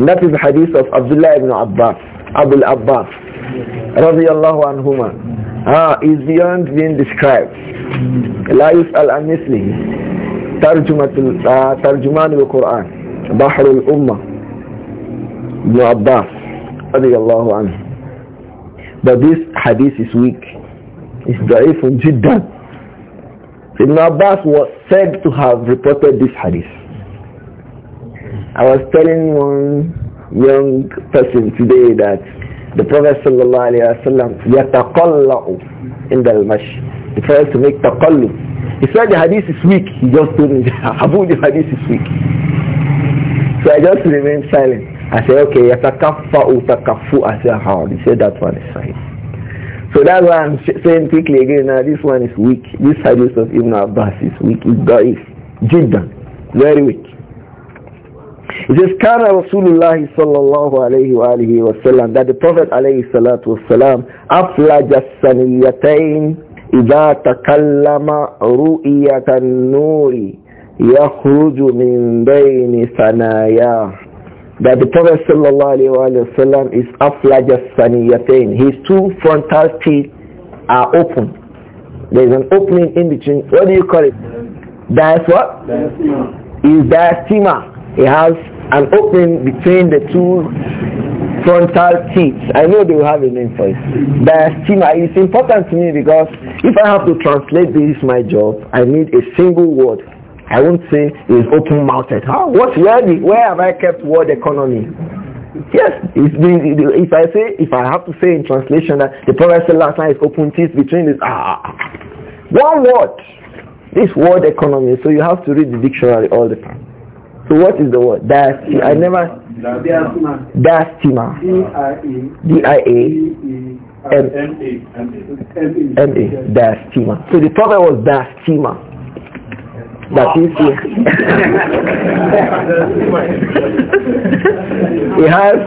And that is the hadith of Abdullah ibn Abbas, Abu Abbas, radiallahu anhumah. Ah, is beyond being described. لا al anisli, مثله ترجمة Quran, Bahr al Ummah, ابن عباس رضي الله But this hadith is weak. It's da'if jiddan. Ibn Abbas was said to have reported this hadith. I was telling one young person today that the Prophet sallallahu alayhi wa sallam, يَتَقَلَّعُ in the mash He tries to make taqallu. He said the hadith is weak. He just told me, Abu, the hadith is weak. So I just remained silent. I said, okay, يَتَكَفَّعُ تَكَفُّ I said, how? He said, that one is fine. So that's why I'm saying quickly again, now this one is weak. This hadith of Ibn Abbas is weak. It's da'if. Very weak. It says, Kana Rasulullah sallallahu alayhi wa alihi wa sallam, that the Prophet alayhi salatu wasalam, aflaja saniyatayn idha takallama ru'iyatan nuri yakhruju min bayni sanayah that the Prophet sallallahu is aflaja saniyatain. His two frontal teeth are open. There is an opening in between. What do you call it? That's what? Diastema. Is diastema. He has an opening between the two frontal teeth. I know they will have a name for it. Diastema It's important to me because if I have to translate this my job, I need a single word. I won't say it's open mouthed. How? What? Where? where have I kept word economy? Yes, if, if I say, if I have to say in translation that the Prophet said last night is open teeth between this, ah, ah, ah, one word. This word economy. So you have to read the dictionary all the time. So what is the word? Diastema. I never. Diastema. D-I-A. M-A. M-A. Diastema. So the prophet was diastema that is he, he has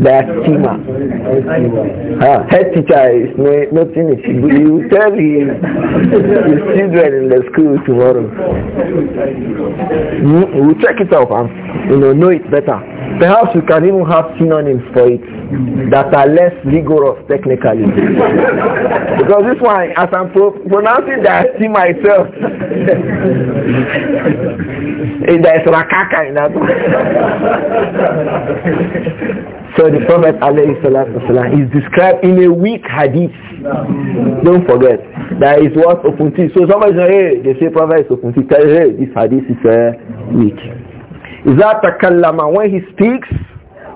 that diastema. Ah, head teacher is nothing. You tell him his children in the school tomorrow. We will check it out and you know know it better. Perhaps we can even have synonyms for it that are less rigorous technically. because this one, as I'm pro pronouncing that, I see myself. Eh, there's rakaka in that So the Prophet is described in a weak hadith. Don't forget. That is what Opunti. So somebody say, hey, they say Prophet is Opunti. Tell hey, this hadith is uh, weak. إِذَا When he speaks,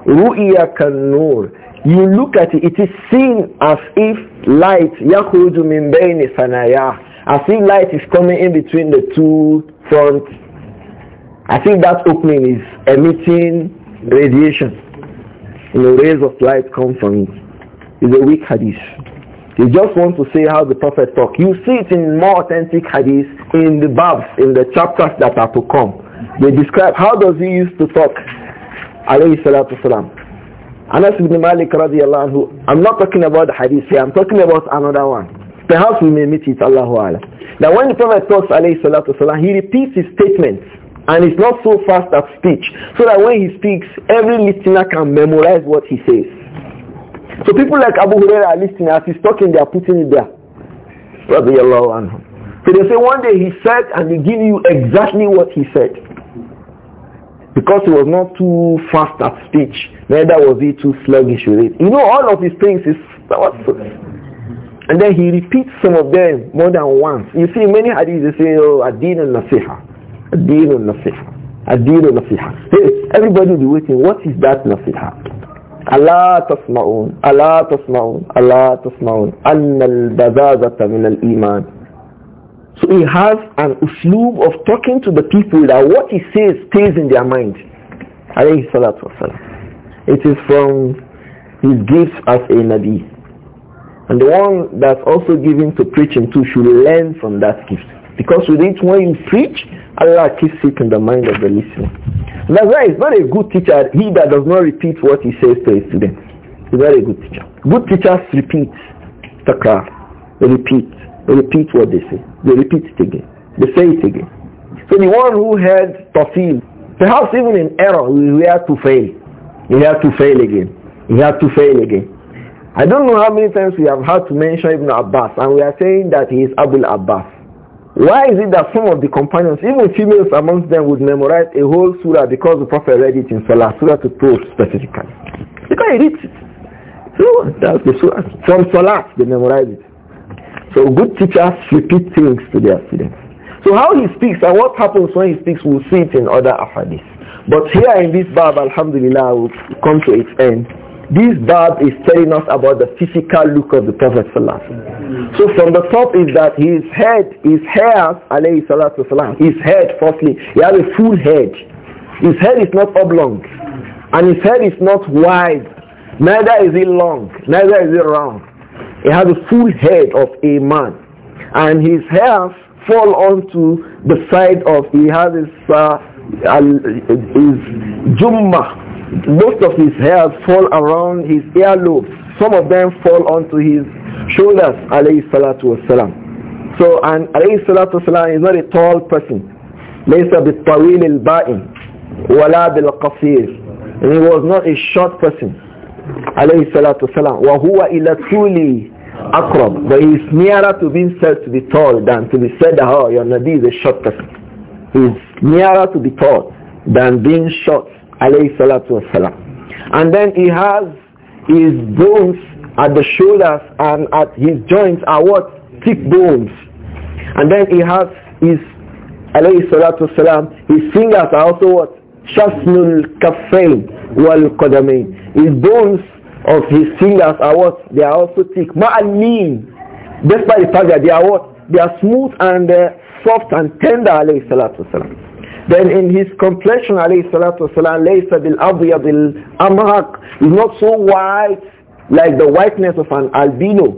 رُؤِيَ كَالنُّورِ You look at it, it is seen as if light يَخْرُجُ مِنْ بَيْنِ ثَنَايَاهِ i see light is coming in between the two front. I think that opening is emitting radiation. You know, rays of light come from it. It's a weak hadith. They just want to see how the Prophet talk. You see it in more authentic hadith in the babs, in the chapters that are to come. They describe how does he used to talk, alayhi salatu salam. Anas ibn Malik radiallahu anhu, I'm not talking about the hadith here, I'm talking about another one. Perhaps we may meet it, Allahu Ala. Now when the Prophet talks, alayhi salatu salam, he repeats his statements and it's not so fast at speech so that when he speaks every listener can memorize what he says so people like abu huraira are listening as he's talking they are putting it there so they say one day he said and they give you exactly what he said because he was not too fast at speech, neither was he too sluggish with it. You know, all of these things is and then he repeats some of them more than once. You see, many hadiths they say, oh, adin al nasiha, adin al nasiha, adin al nasiha. Hey, everybody will be waiting. What is that nasiha? Allah tasma'un, Allah tasma'un, Allah tasma'un. An al-bazazata min al-iman. So he has an usloob of talking to the people that what he says stays in their mind. It is from his gifts as a Nabi. And the one that's also given to preaching too should learn from that gift. Because with it, when you preach, Allah keeps it in the mind of the listener. That's why it's not a good teacher, he that does not repeat what he says to his students. He's not a good teacher. Good teachers repeat. Takrar. They repeat. They repeat what they say. They repeat it again. They say it again. So the one who had tafil, perhaps even in error, he had to fail. He had to fail again. He had to fail again. I don't know how many times we have had to mention Ibn Abbas and we are saying that he is Abul Abbas. Why is it that some of the companions, even females amongst them, would memorize a whole surah because the Prophet read it in Salah, surah to prove specifically? Because he reads it. So that's the surah. From Salah they memorize it. So good teachers repeat things to their students. So how he speaks and what happens when he speaks, we'll see it in other ahadith. But here in this bab, alhamdulillah, will come to its end. This bab is telling us about the physical look of the Prophet So from the top is that his head, his hair, alayhi salatu his head firstly, he has a full head. His head is not oblong and his head is not wide, neither is it long, neither is it round. He had a full head of a man. And his hair fall onto the side of, he had his, uh, his jumma. Most of his hair fall around his earlobes. Some of them fall onto his shoulders, alayhi salatu wasalam. So, and alayhi salatu wasalam is not a tall person. ليس بالطويل البائن ولا بالقصير and he was not a short person عليه الصلاة والسلام وهو إلى طول akrab, but he is nearer to being said to be tall than to be said that oh, your Nabi is a short person. He is nearer to be tall than being short, alayhi salatu wasalam. And then he has his bones at the shoulders and at his joints are what? Thick bones. And then he has his, alayhi salatu wasalam, his fingers are also what? Shasnul kafel wal qadamain. His bones of his fingers are what? They are also thick. Ma'alim. Despite the fact that they are what? They are smooth and uh, soft and tender, alayhi salatu wasalam. Then in his complexion, alayhi salatu wasalam, laysa bil abyadil amhaq, is not so white like the whiteness of an albino.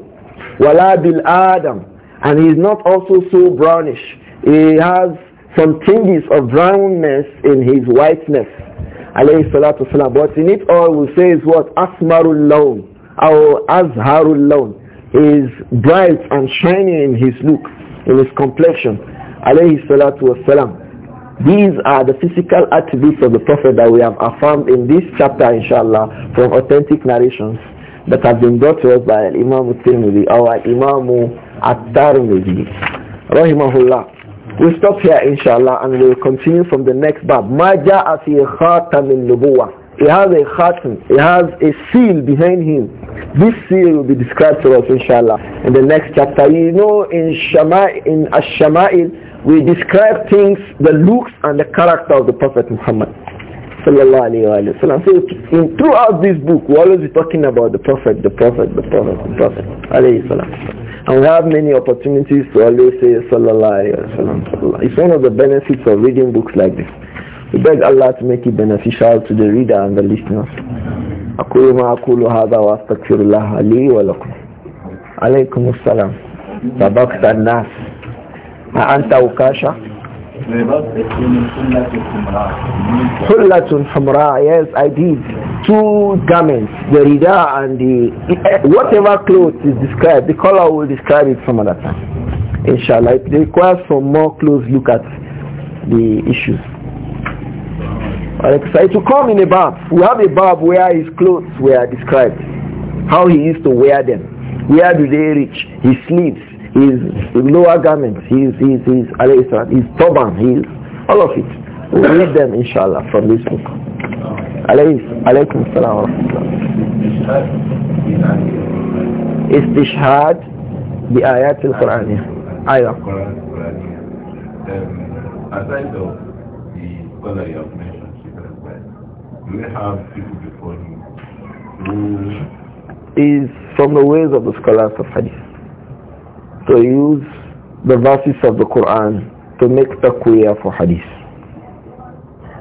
Wala bil adam. And he is not also so brownish. He has some tinges of brownness in his whiteness alayhi salatu wasalam. But in it all we say is what? Asmarul lawn, our azharul lawn. is bright and shining in his look, in his complexion. Alayhi salatu wasalam. These are the physical attributes of the Prophet that we have affirmed in this chapter, inshallah, from authentic narrations that have been brought to us by Imam Tirmidhi, our Imam al tirmidhi rahimahullah. We will stop here inshallah and we'll continue from the next bab. Maja fi in nubuwa. He has a khatam, he has a seal behind him. This seal will be described to us inshallah in the next chapter. You know in Shama in Ash-Shama'il we describe things, the looks and the character of the Prophet Muhammad sallallahu alayhi wa, sallam. So in, throughout this book, we always be talking about the Prophet, the Prophet, the Prophet, the Prophet alayhi salam. And we have many opportunities to always say sallallahu alayhi wa sallam. It's one of the benefits of reading books like this. We beg Allah to make it beneficial to the reader and the listeners. أقول ما أقول هذا وأستغفر الله لي ولكم عليكم السلام سبقت الناس أأنت Hullatun Hamra, yes, I did. Two garments, the rida and the, whatever clothes is described, the color will describe it some other time. Inshallah, it requires for more close look at the issues. It will come in a bath. We have a bath where his clothes were described, how he used to wear them. Where do they reach? His sleeves, his, his lower garments, his, his, his, his turban, his, all of it. We'll read them, inshallah, from this book. Alaykum salam wa rahmatullah. Istishhad bi ayat al-Qur'aniyah. Ayah. Um, aside of the scholar you have mentioned, we have people before you from the ways of the scholars of hadith to use the verses of the Quran to make taqwiyah for hadith.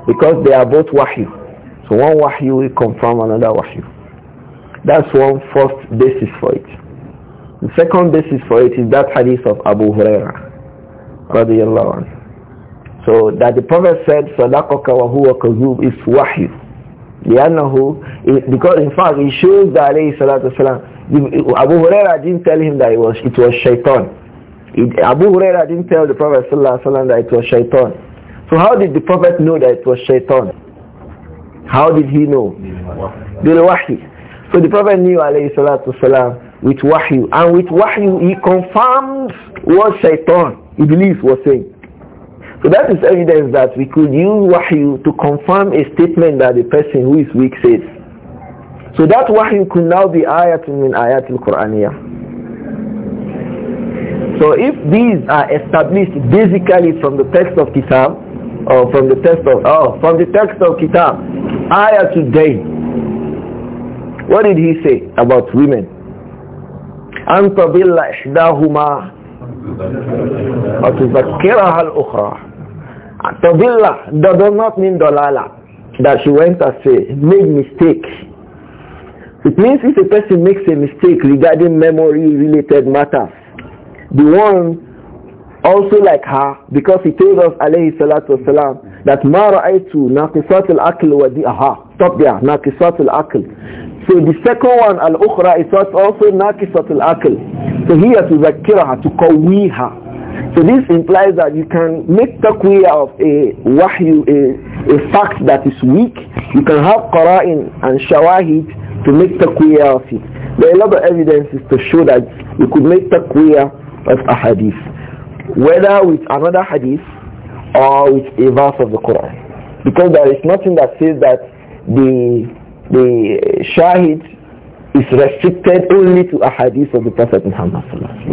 Because they are both wahi. So one wahi will confirm another wahi. That's one first basis for it. The second basis for it is that hadith of Abu Huraira. So that the Prophet said, صَدَقَكَ وَهُوَ كَذُوب is wahyu. لأنه, because in fact it shows that alayhi salatu wasalam Abu Huraira didn't tell him that it was, it was shaitan. Abu Huraira didn't tell the Prophet ﷺ that it was shaitan. So how did the Prophet know that it was shaitan? How did he know? Bil wahi. So the Prophet knew alayhi salatu salam with wahi And with wahi he confirmed what shaitan, Iblis was saying. So that is evidence that we could use wahi to confirm a statement that the person who is weak says. So that wahyu could now be ayatun min ayatul Qur'aniyah. So if these are established basically from the text of Kitab, or from the text of, oh, from the text of Kitab, ayah today, what did he say about women? أن تضل إحداهما وتذكرها الأخرى تضل does not mean dalala that she went astray made mistake it means if a person makes a mistake regarding memory-related matters, the one also like her, because he told us, alayhi salatu wasalam, that ma ra'aytu naqisat al-aql wa di'aha. Stop there, naqisat al-aql. So the second one, al-ukhra, is also naqisat al-aql. So here to zakiraha, to qawiha. So this implies that you can make takwiyah of a wahyu, a, a fact that is weak. You can have qara'in and shawahid to make taqwiyah of it. There are a lot of evidences to show that you could make taqwiyah of a hadith, whether with another hadith or with a verse of the Quran. Because there is nothing that says that the, the shahid is restricted only to a hadith of the Prophet Muhammad.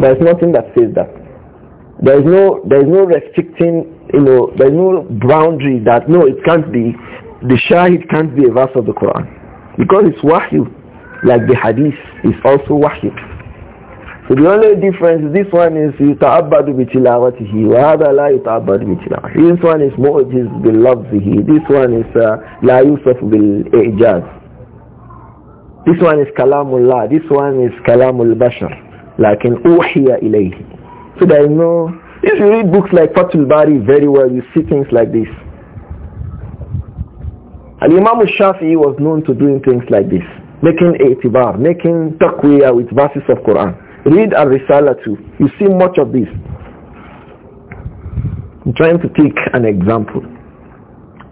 There is nothing that says that. There is no, there is no restricting, you know, there is no boundary that no, it can't be, the shahid can't be a verse of the Quran. Because it's wahyu, like the hadith is also wahyu. So the only difference, this one is يتعبد بتلاوته وهذا لا bi بتلاوته. This one is معجز بلفظه. This one is uh, Yusuf يوصف بالإعجاز. This one is kalamullah. This one is Bashar, like لكن uhiya ilayhi. So there is no... If you read books like Fatul Bari very well, you see things like this. And Imam Shafi'i was known to doing things like this, making itibar, making taqwiyah with verses of Quran. Read Al-Risala too. You see much of this. I'm trying to take an example.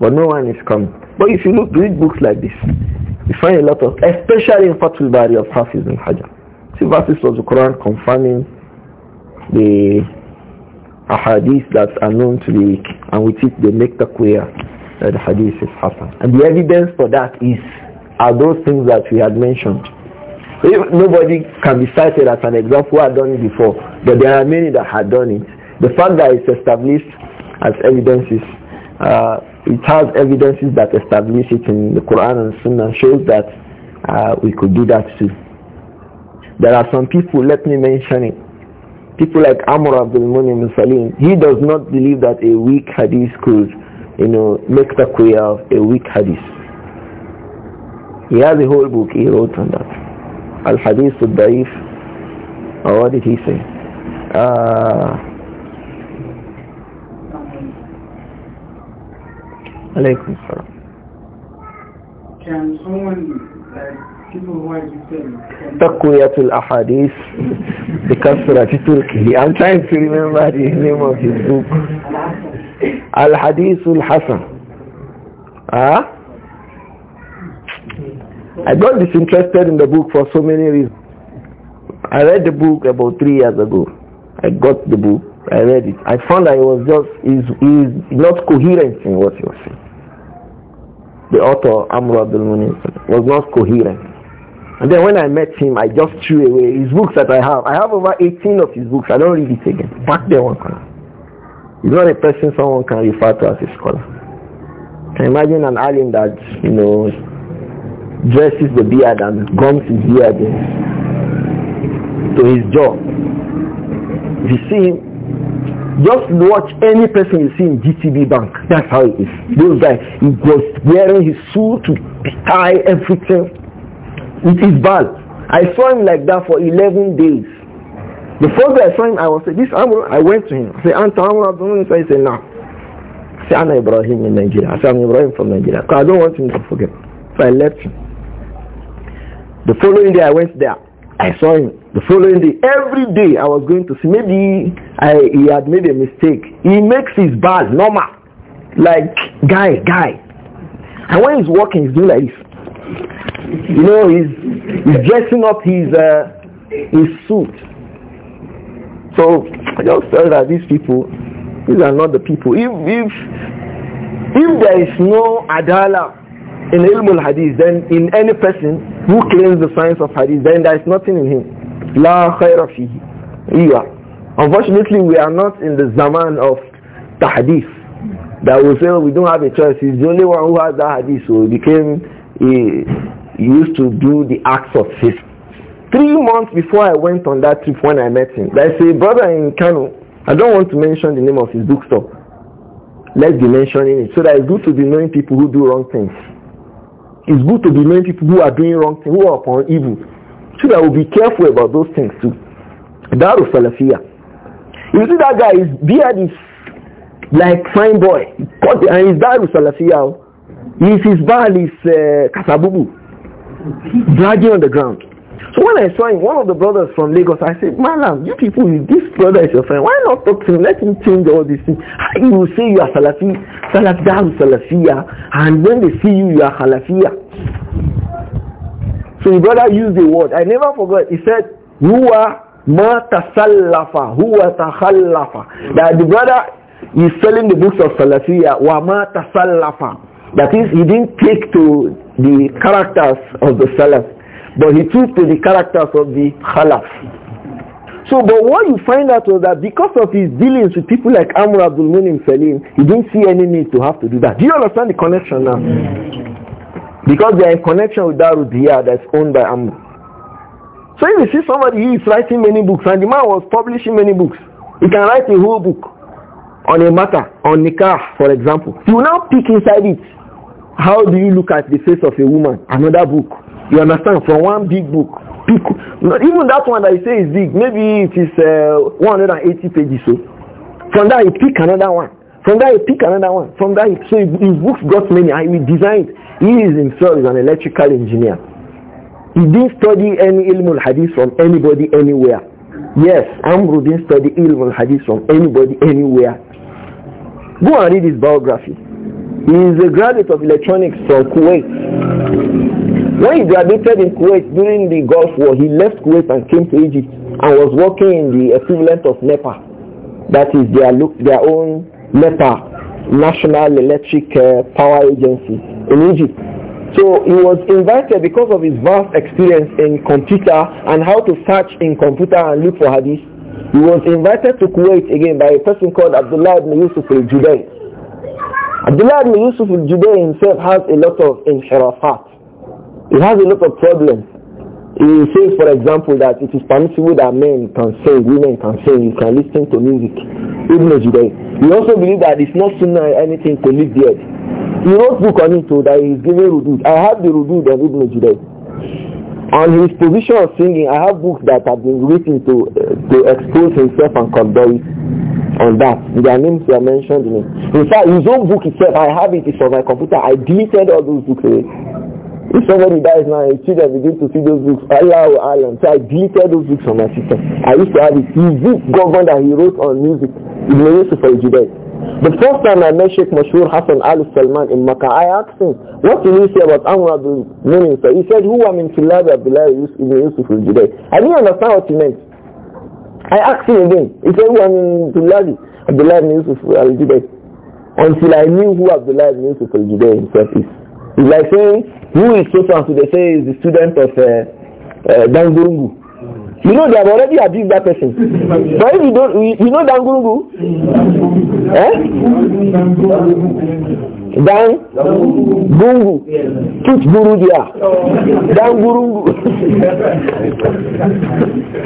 But no one is coming. But if you look, read books like this, you find a lot of, especially in Fatul Bari of Hafiz and Hajar. See verses of the Quran confirming the ahadith that are known to the and with it they make the that uh, the hadith is hasan. And the evidence for that is are those things that we had mentioned. If nobody can be cited as an example who had done it before, but there are many that had done it. The fact that it's established as evidences, uh, it has evidences that establish it in the Quran and Sunnah shows that uh, we could do that too. There are some people, let me mention it, people like Amr Abdul Munim Salim, he does not believe that a weak hadith could you know, make taqwiyah of a weak hadith. He has a whole book he wrote on that. Al-Hadith al-Da'if. Uh, what did he say? Uh, Alaykum Can someone, like people who are Muslim, Taqwiyatul because I'm trying to remember the name of his book. Al-Hadithul Hasan. Huh? I got disinterested in the book for so many reasons. I read the book about three years ago. I got the book. I read it. I found that it was just is is not coherent in what he was saying. The author Amr Abdul Munir was not coherent. And then when I met him, I just threw away his books that I have. I have over 18 of his books. I don't read it again. Back there one corner. He's not a person someone can refer to as a scholar. Can imagine an alien that, you know, dresses the beard and gums his beard to his jaw. you see just watch any person you see in GTB Bank. That's how it is. Those guys, he was wearing his suit, tie, everything. It is bad. I saw him like that for 11 days. Before I saw him, I was this I went to him. I said, Anta Amr Abdul so he said, no. I said, Anna Ibrahim in Nigeria. I said, I'm Ibrahim from Nigeria. Because I don't want him to forget. So I left him. The following day I went there. I saw him. The following day, every day I was going to see. Maybe I, he had made a mistake. He makes his bars normal. Like, guy, guy. And when he's walking, he's doing like this. You know, he's, he's dressing up his, uh, his suit. So I just felt that these people, these are not the people. If, if, if there is no adala in ilmul hadith then in any person who claims the science of hadith, then there is nothing in him. La khayra fihi. Unfortunately, we are not in the zaman of the hadith. That will say oh, we don't have a choice. He's the only one who has that hadith. So he became, he, he used to do the acts of his Three months before I went on that trip when I met him, there's a brother in Kano. I don't want to mention the name of his bookstore. Let's be mentioning it so that it's good to be knowing people who do wrong things. It's good to be knowing people who are doing wrong things, who are upon evil. So that we'll be careful about those things too. Daru Salafia. You see that guy, his beard is like fine boy. And his dad Daru Salafia. He's oh. his ball is uh, Kasabubu, dragging on the ground. So when I saw him, one of the brothers from Lagos, I said, Malam, you people, this brother is your friend. Why not talk to him? Let him change all these things. Ah, he will say you are Salafi, Salafdam, Salafia, and when they see you, you are Salafia. So the brother used the word. I never forgot. He said, Huwa ma tasallafa, huwa takhallafa. That the brother is selling the books of Salafia, wa ma tasallafa. That is, he didn't take to the characters of the Salaf. But he took to the characters of the Khalaf. So, but what you find out was that because of his dealings with people like Amr Abdul Munim Salim, he didn't see any need to have to do that. Do you understand the connection now? Because they are in connection with Darul Diyah that's owned by Amr. So if you see somebody, he is writing many books, and the man was publishing many books. He can write a whole book on a matter, on nikah, for example. You now pick inside it. How do you look at the face of a woman? Another book. You understand? From one big book. Big, even that one that you say is big, maybe it is uh, 180 pages so. From that you pick another one. From that you pick another one. From that, you, so his books got many will he designed. He is himself is an electrical engineer. He didn't study any ilm hadith from anybody anywhere. Yes, Amru didn't study ilm hadith from anybody anywhere. Go and read his biography. He is a graduate of electronics from Kuwait. When he graduated in Kuwait during the Gulf War, he left Kuwait and came to Egypt and was working in the equivalent of NEPA. That is their, their own NEPA, National Electric uh, Power Agency in Egypt. So he was invited because of his vast experience in computer and how to search in computer and look for hadith. He was invited to Kuwait again by a person called Abdullah ibn Yusuf al-Juday. Abdullah ibn Yusuf al himself has a lot of inhirafat he has a lot of problems. He says, for example, that it is permissible that men can sing, women can sing, you can listen to music. Even today. He also believes that it's not sunnah anything to leave the earth. He wrote book on it too, that he's giving rudud. I have the rudud on Ibn today. On his position of singing, I have books that have been written to, uh, to expose himself and condemn it. on that. Their names were mentioned in it. In fact, his own book itself, I have it, it's on my computer. I deleted all those books. If somebody dies now, his children begin to see those books. Allah Alam. So I deleted those books from my system. I used to have it. His government that he wrote on music. Ibn Yusuf al Judai. The first time I met Sheikh Mashur Hassan Al Salman in Makkah, I asked him, what did he say about Amr Abdul Munim? He said, who am in Filab Abdullah Ibn Yusuf al Judai. I didn't understand what he meant. I asked him again. He said, who am in Filab Abdullah Ibn Yusuf al Judai. Until I knew who Abdullah Ibn Yusuf al Judai himself is. It's like saying, who is so and so? They say is the student of uh, uh, Dangurungu. You know they have already abused that person. but if you don't, you know Dangurungu? eh? Dang, Gungu. Put Guru dia? Dan Gurungu.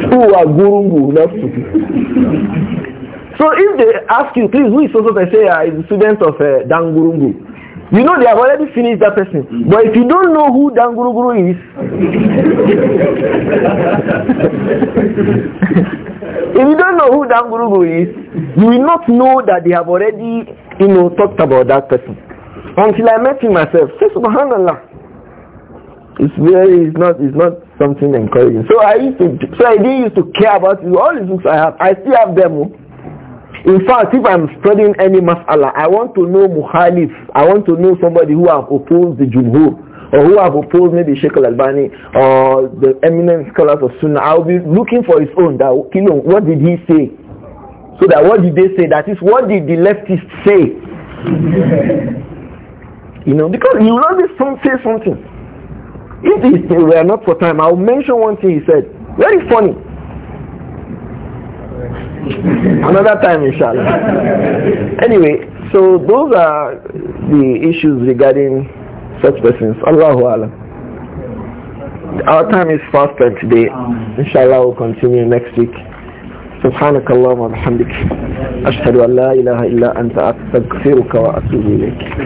Who are Gurungu? So if they ask you, please, who is so so? They say, uh, is the student of uh, Dan you know they have already finished that person. Mm. But if you don't know who Danguruguru is, if you don't know who Danguruguru is, you will not know that they have already, you know, talked about that person. Until I met him myself. Say subhanallah. It's very it's not it's not something encouraging. So I used to so I didn't used to care about you. All these books I have, I still have them. Oh. In fact, if I'm studying any mas'ala, I want to know muhalif. I want to know somebody who have opposed the jumhur or who have opposed maybe Sheikh al-Albani or the eminent scholars of Sunnah. I'll be looking for his own. That, what did he say? So that what did they say? That is, what did the leftists say? you know, because you will always some, say something. If this were not for time, I'll mention one thing he said. Very funny. Another time, inshallah. anyway, so those are the issues regarding such persons. Allahu Alam. Our time is fast spent today. Inshallah, we'll continue next week. سبحانك اللهم وبحمدك أشهد أن لا إله إلا أنت أستغفرك وأتوب إليك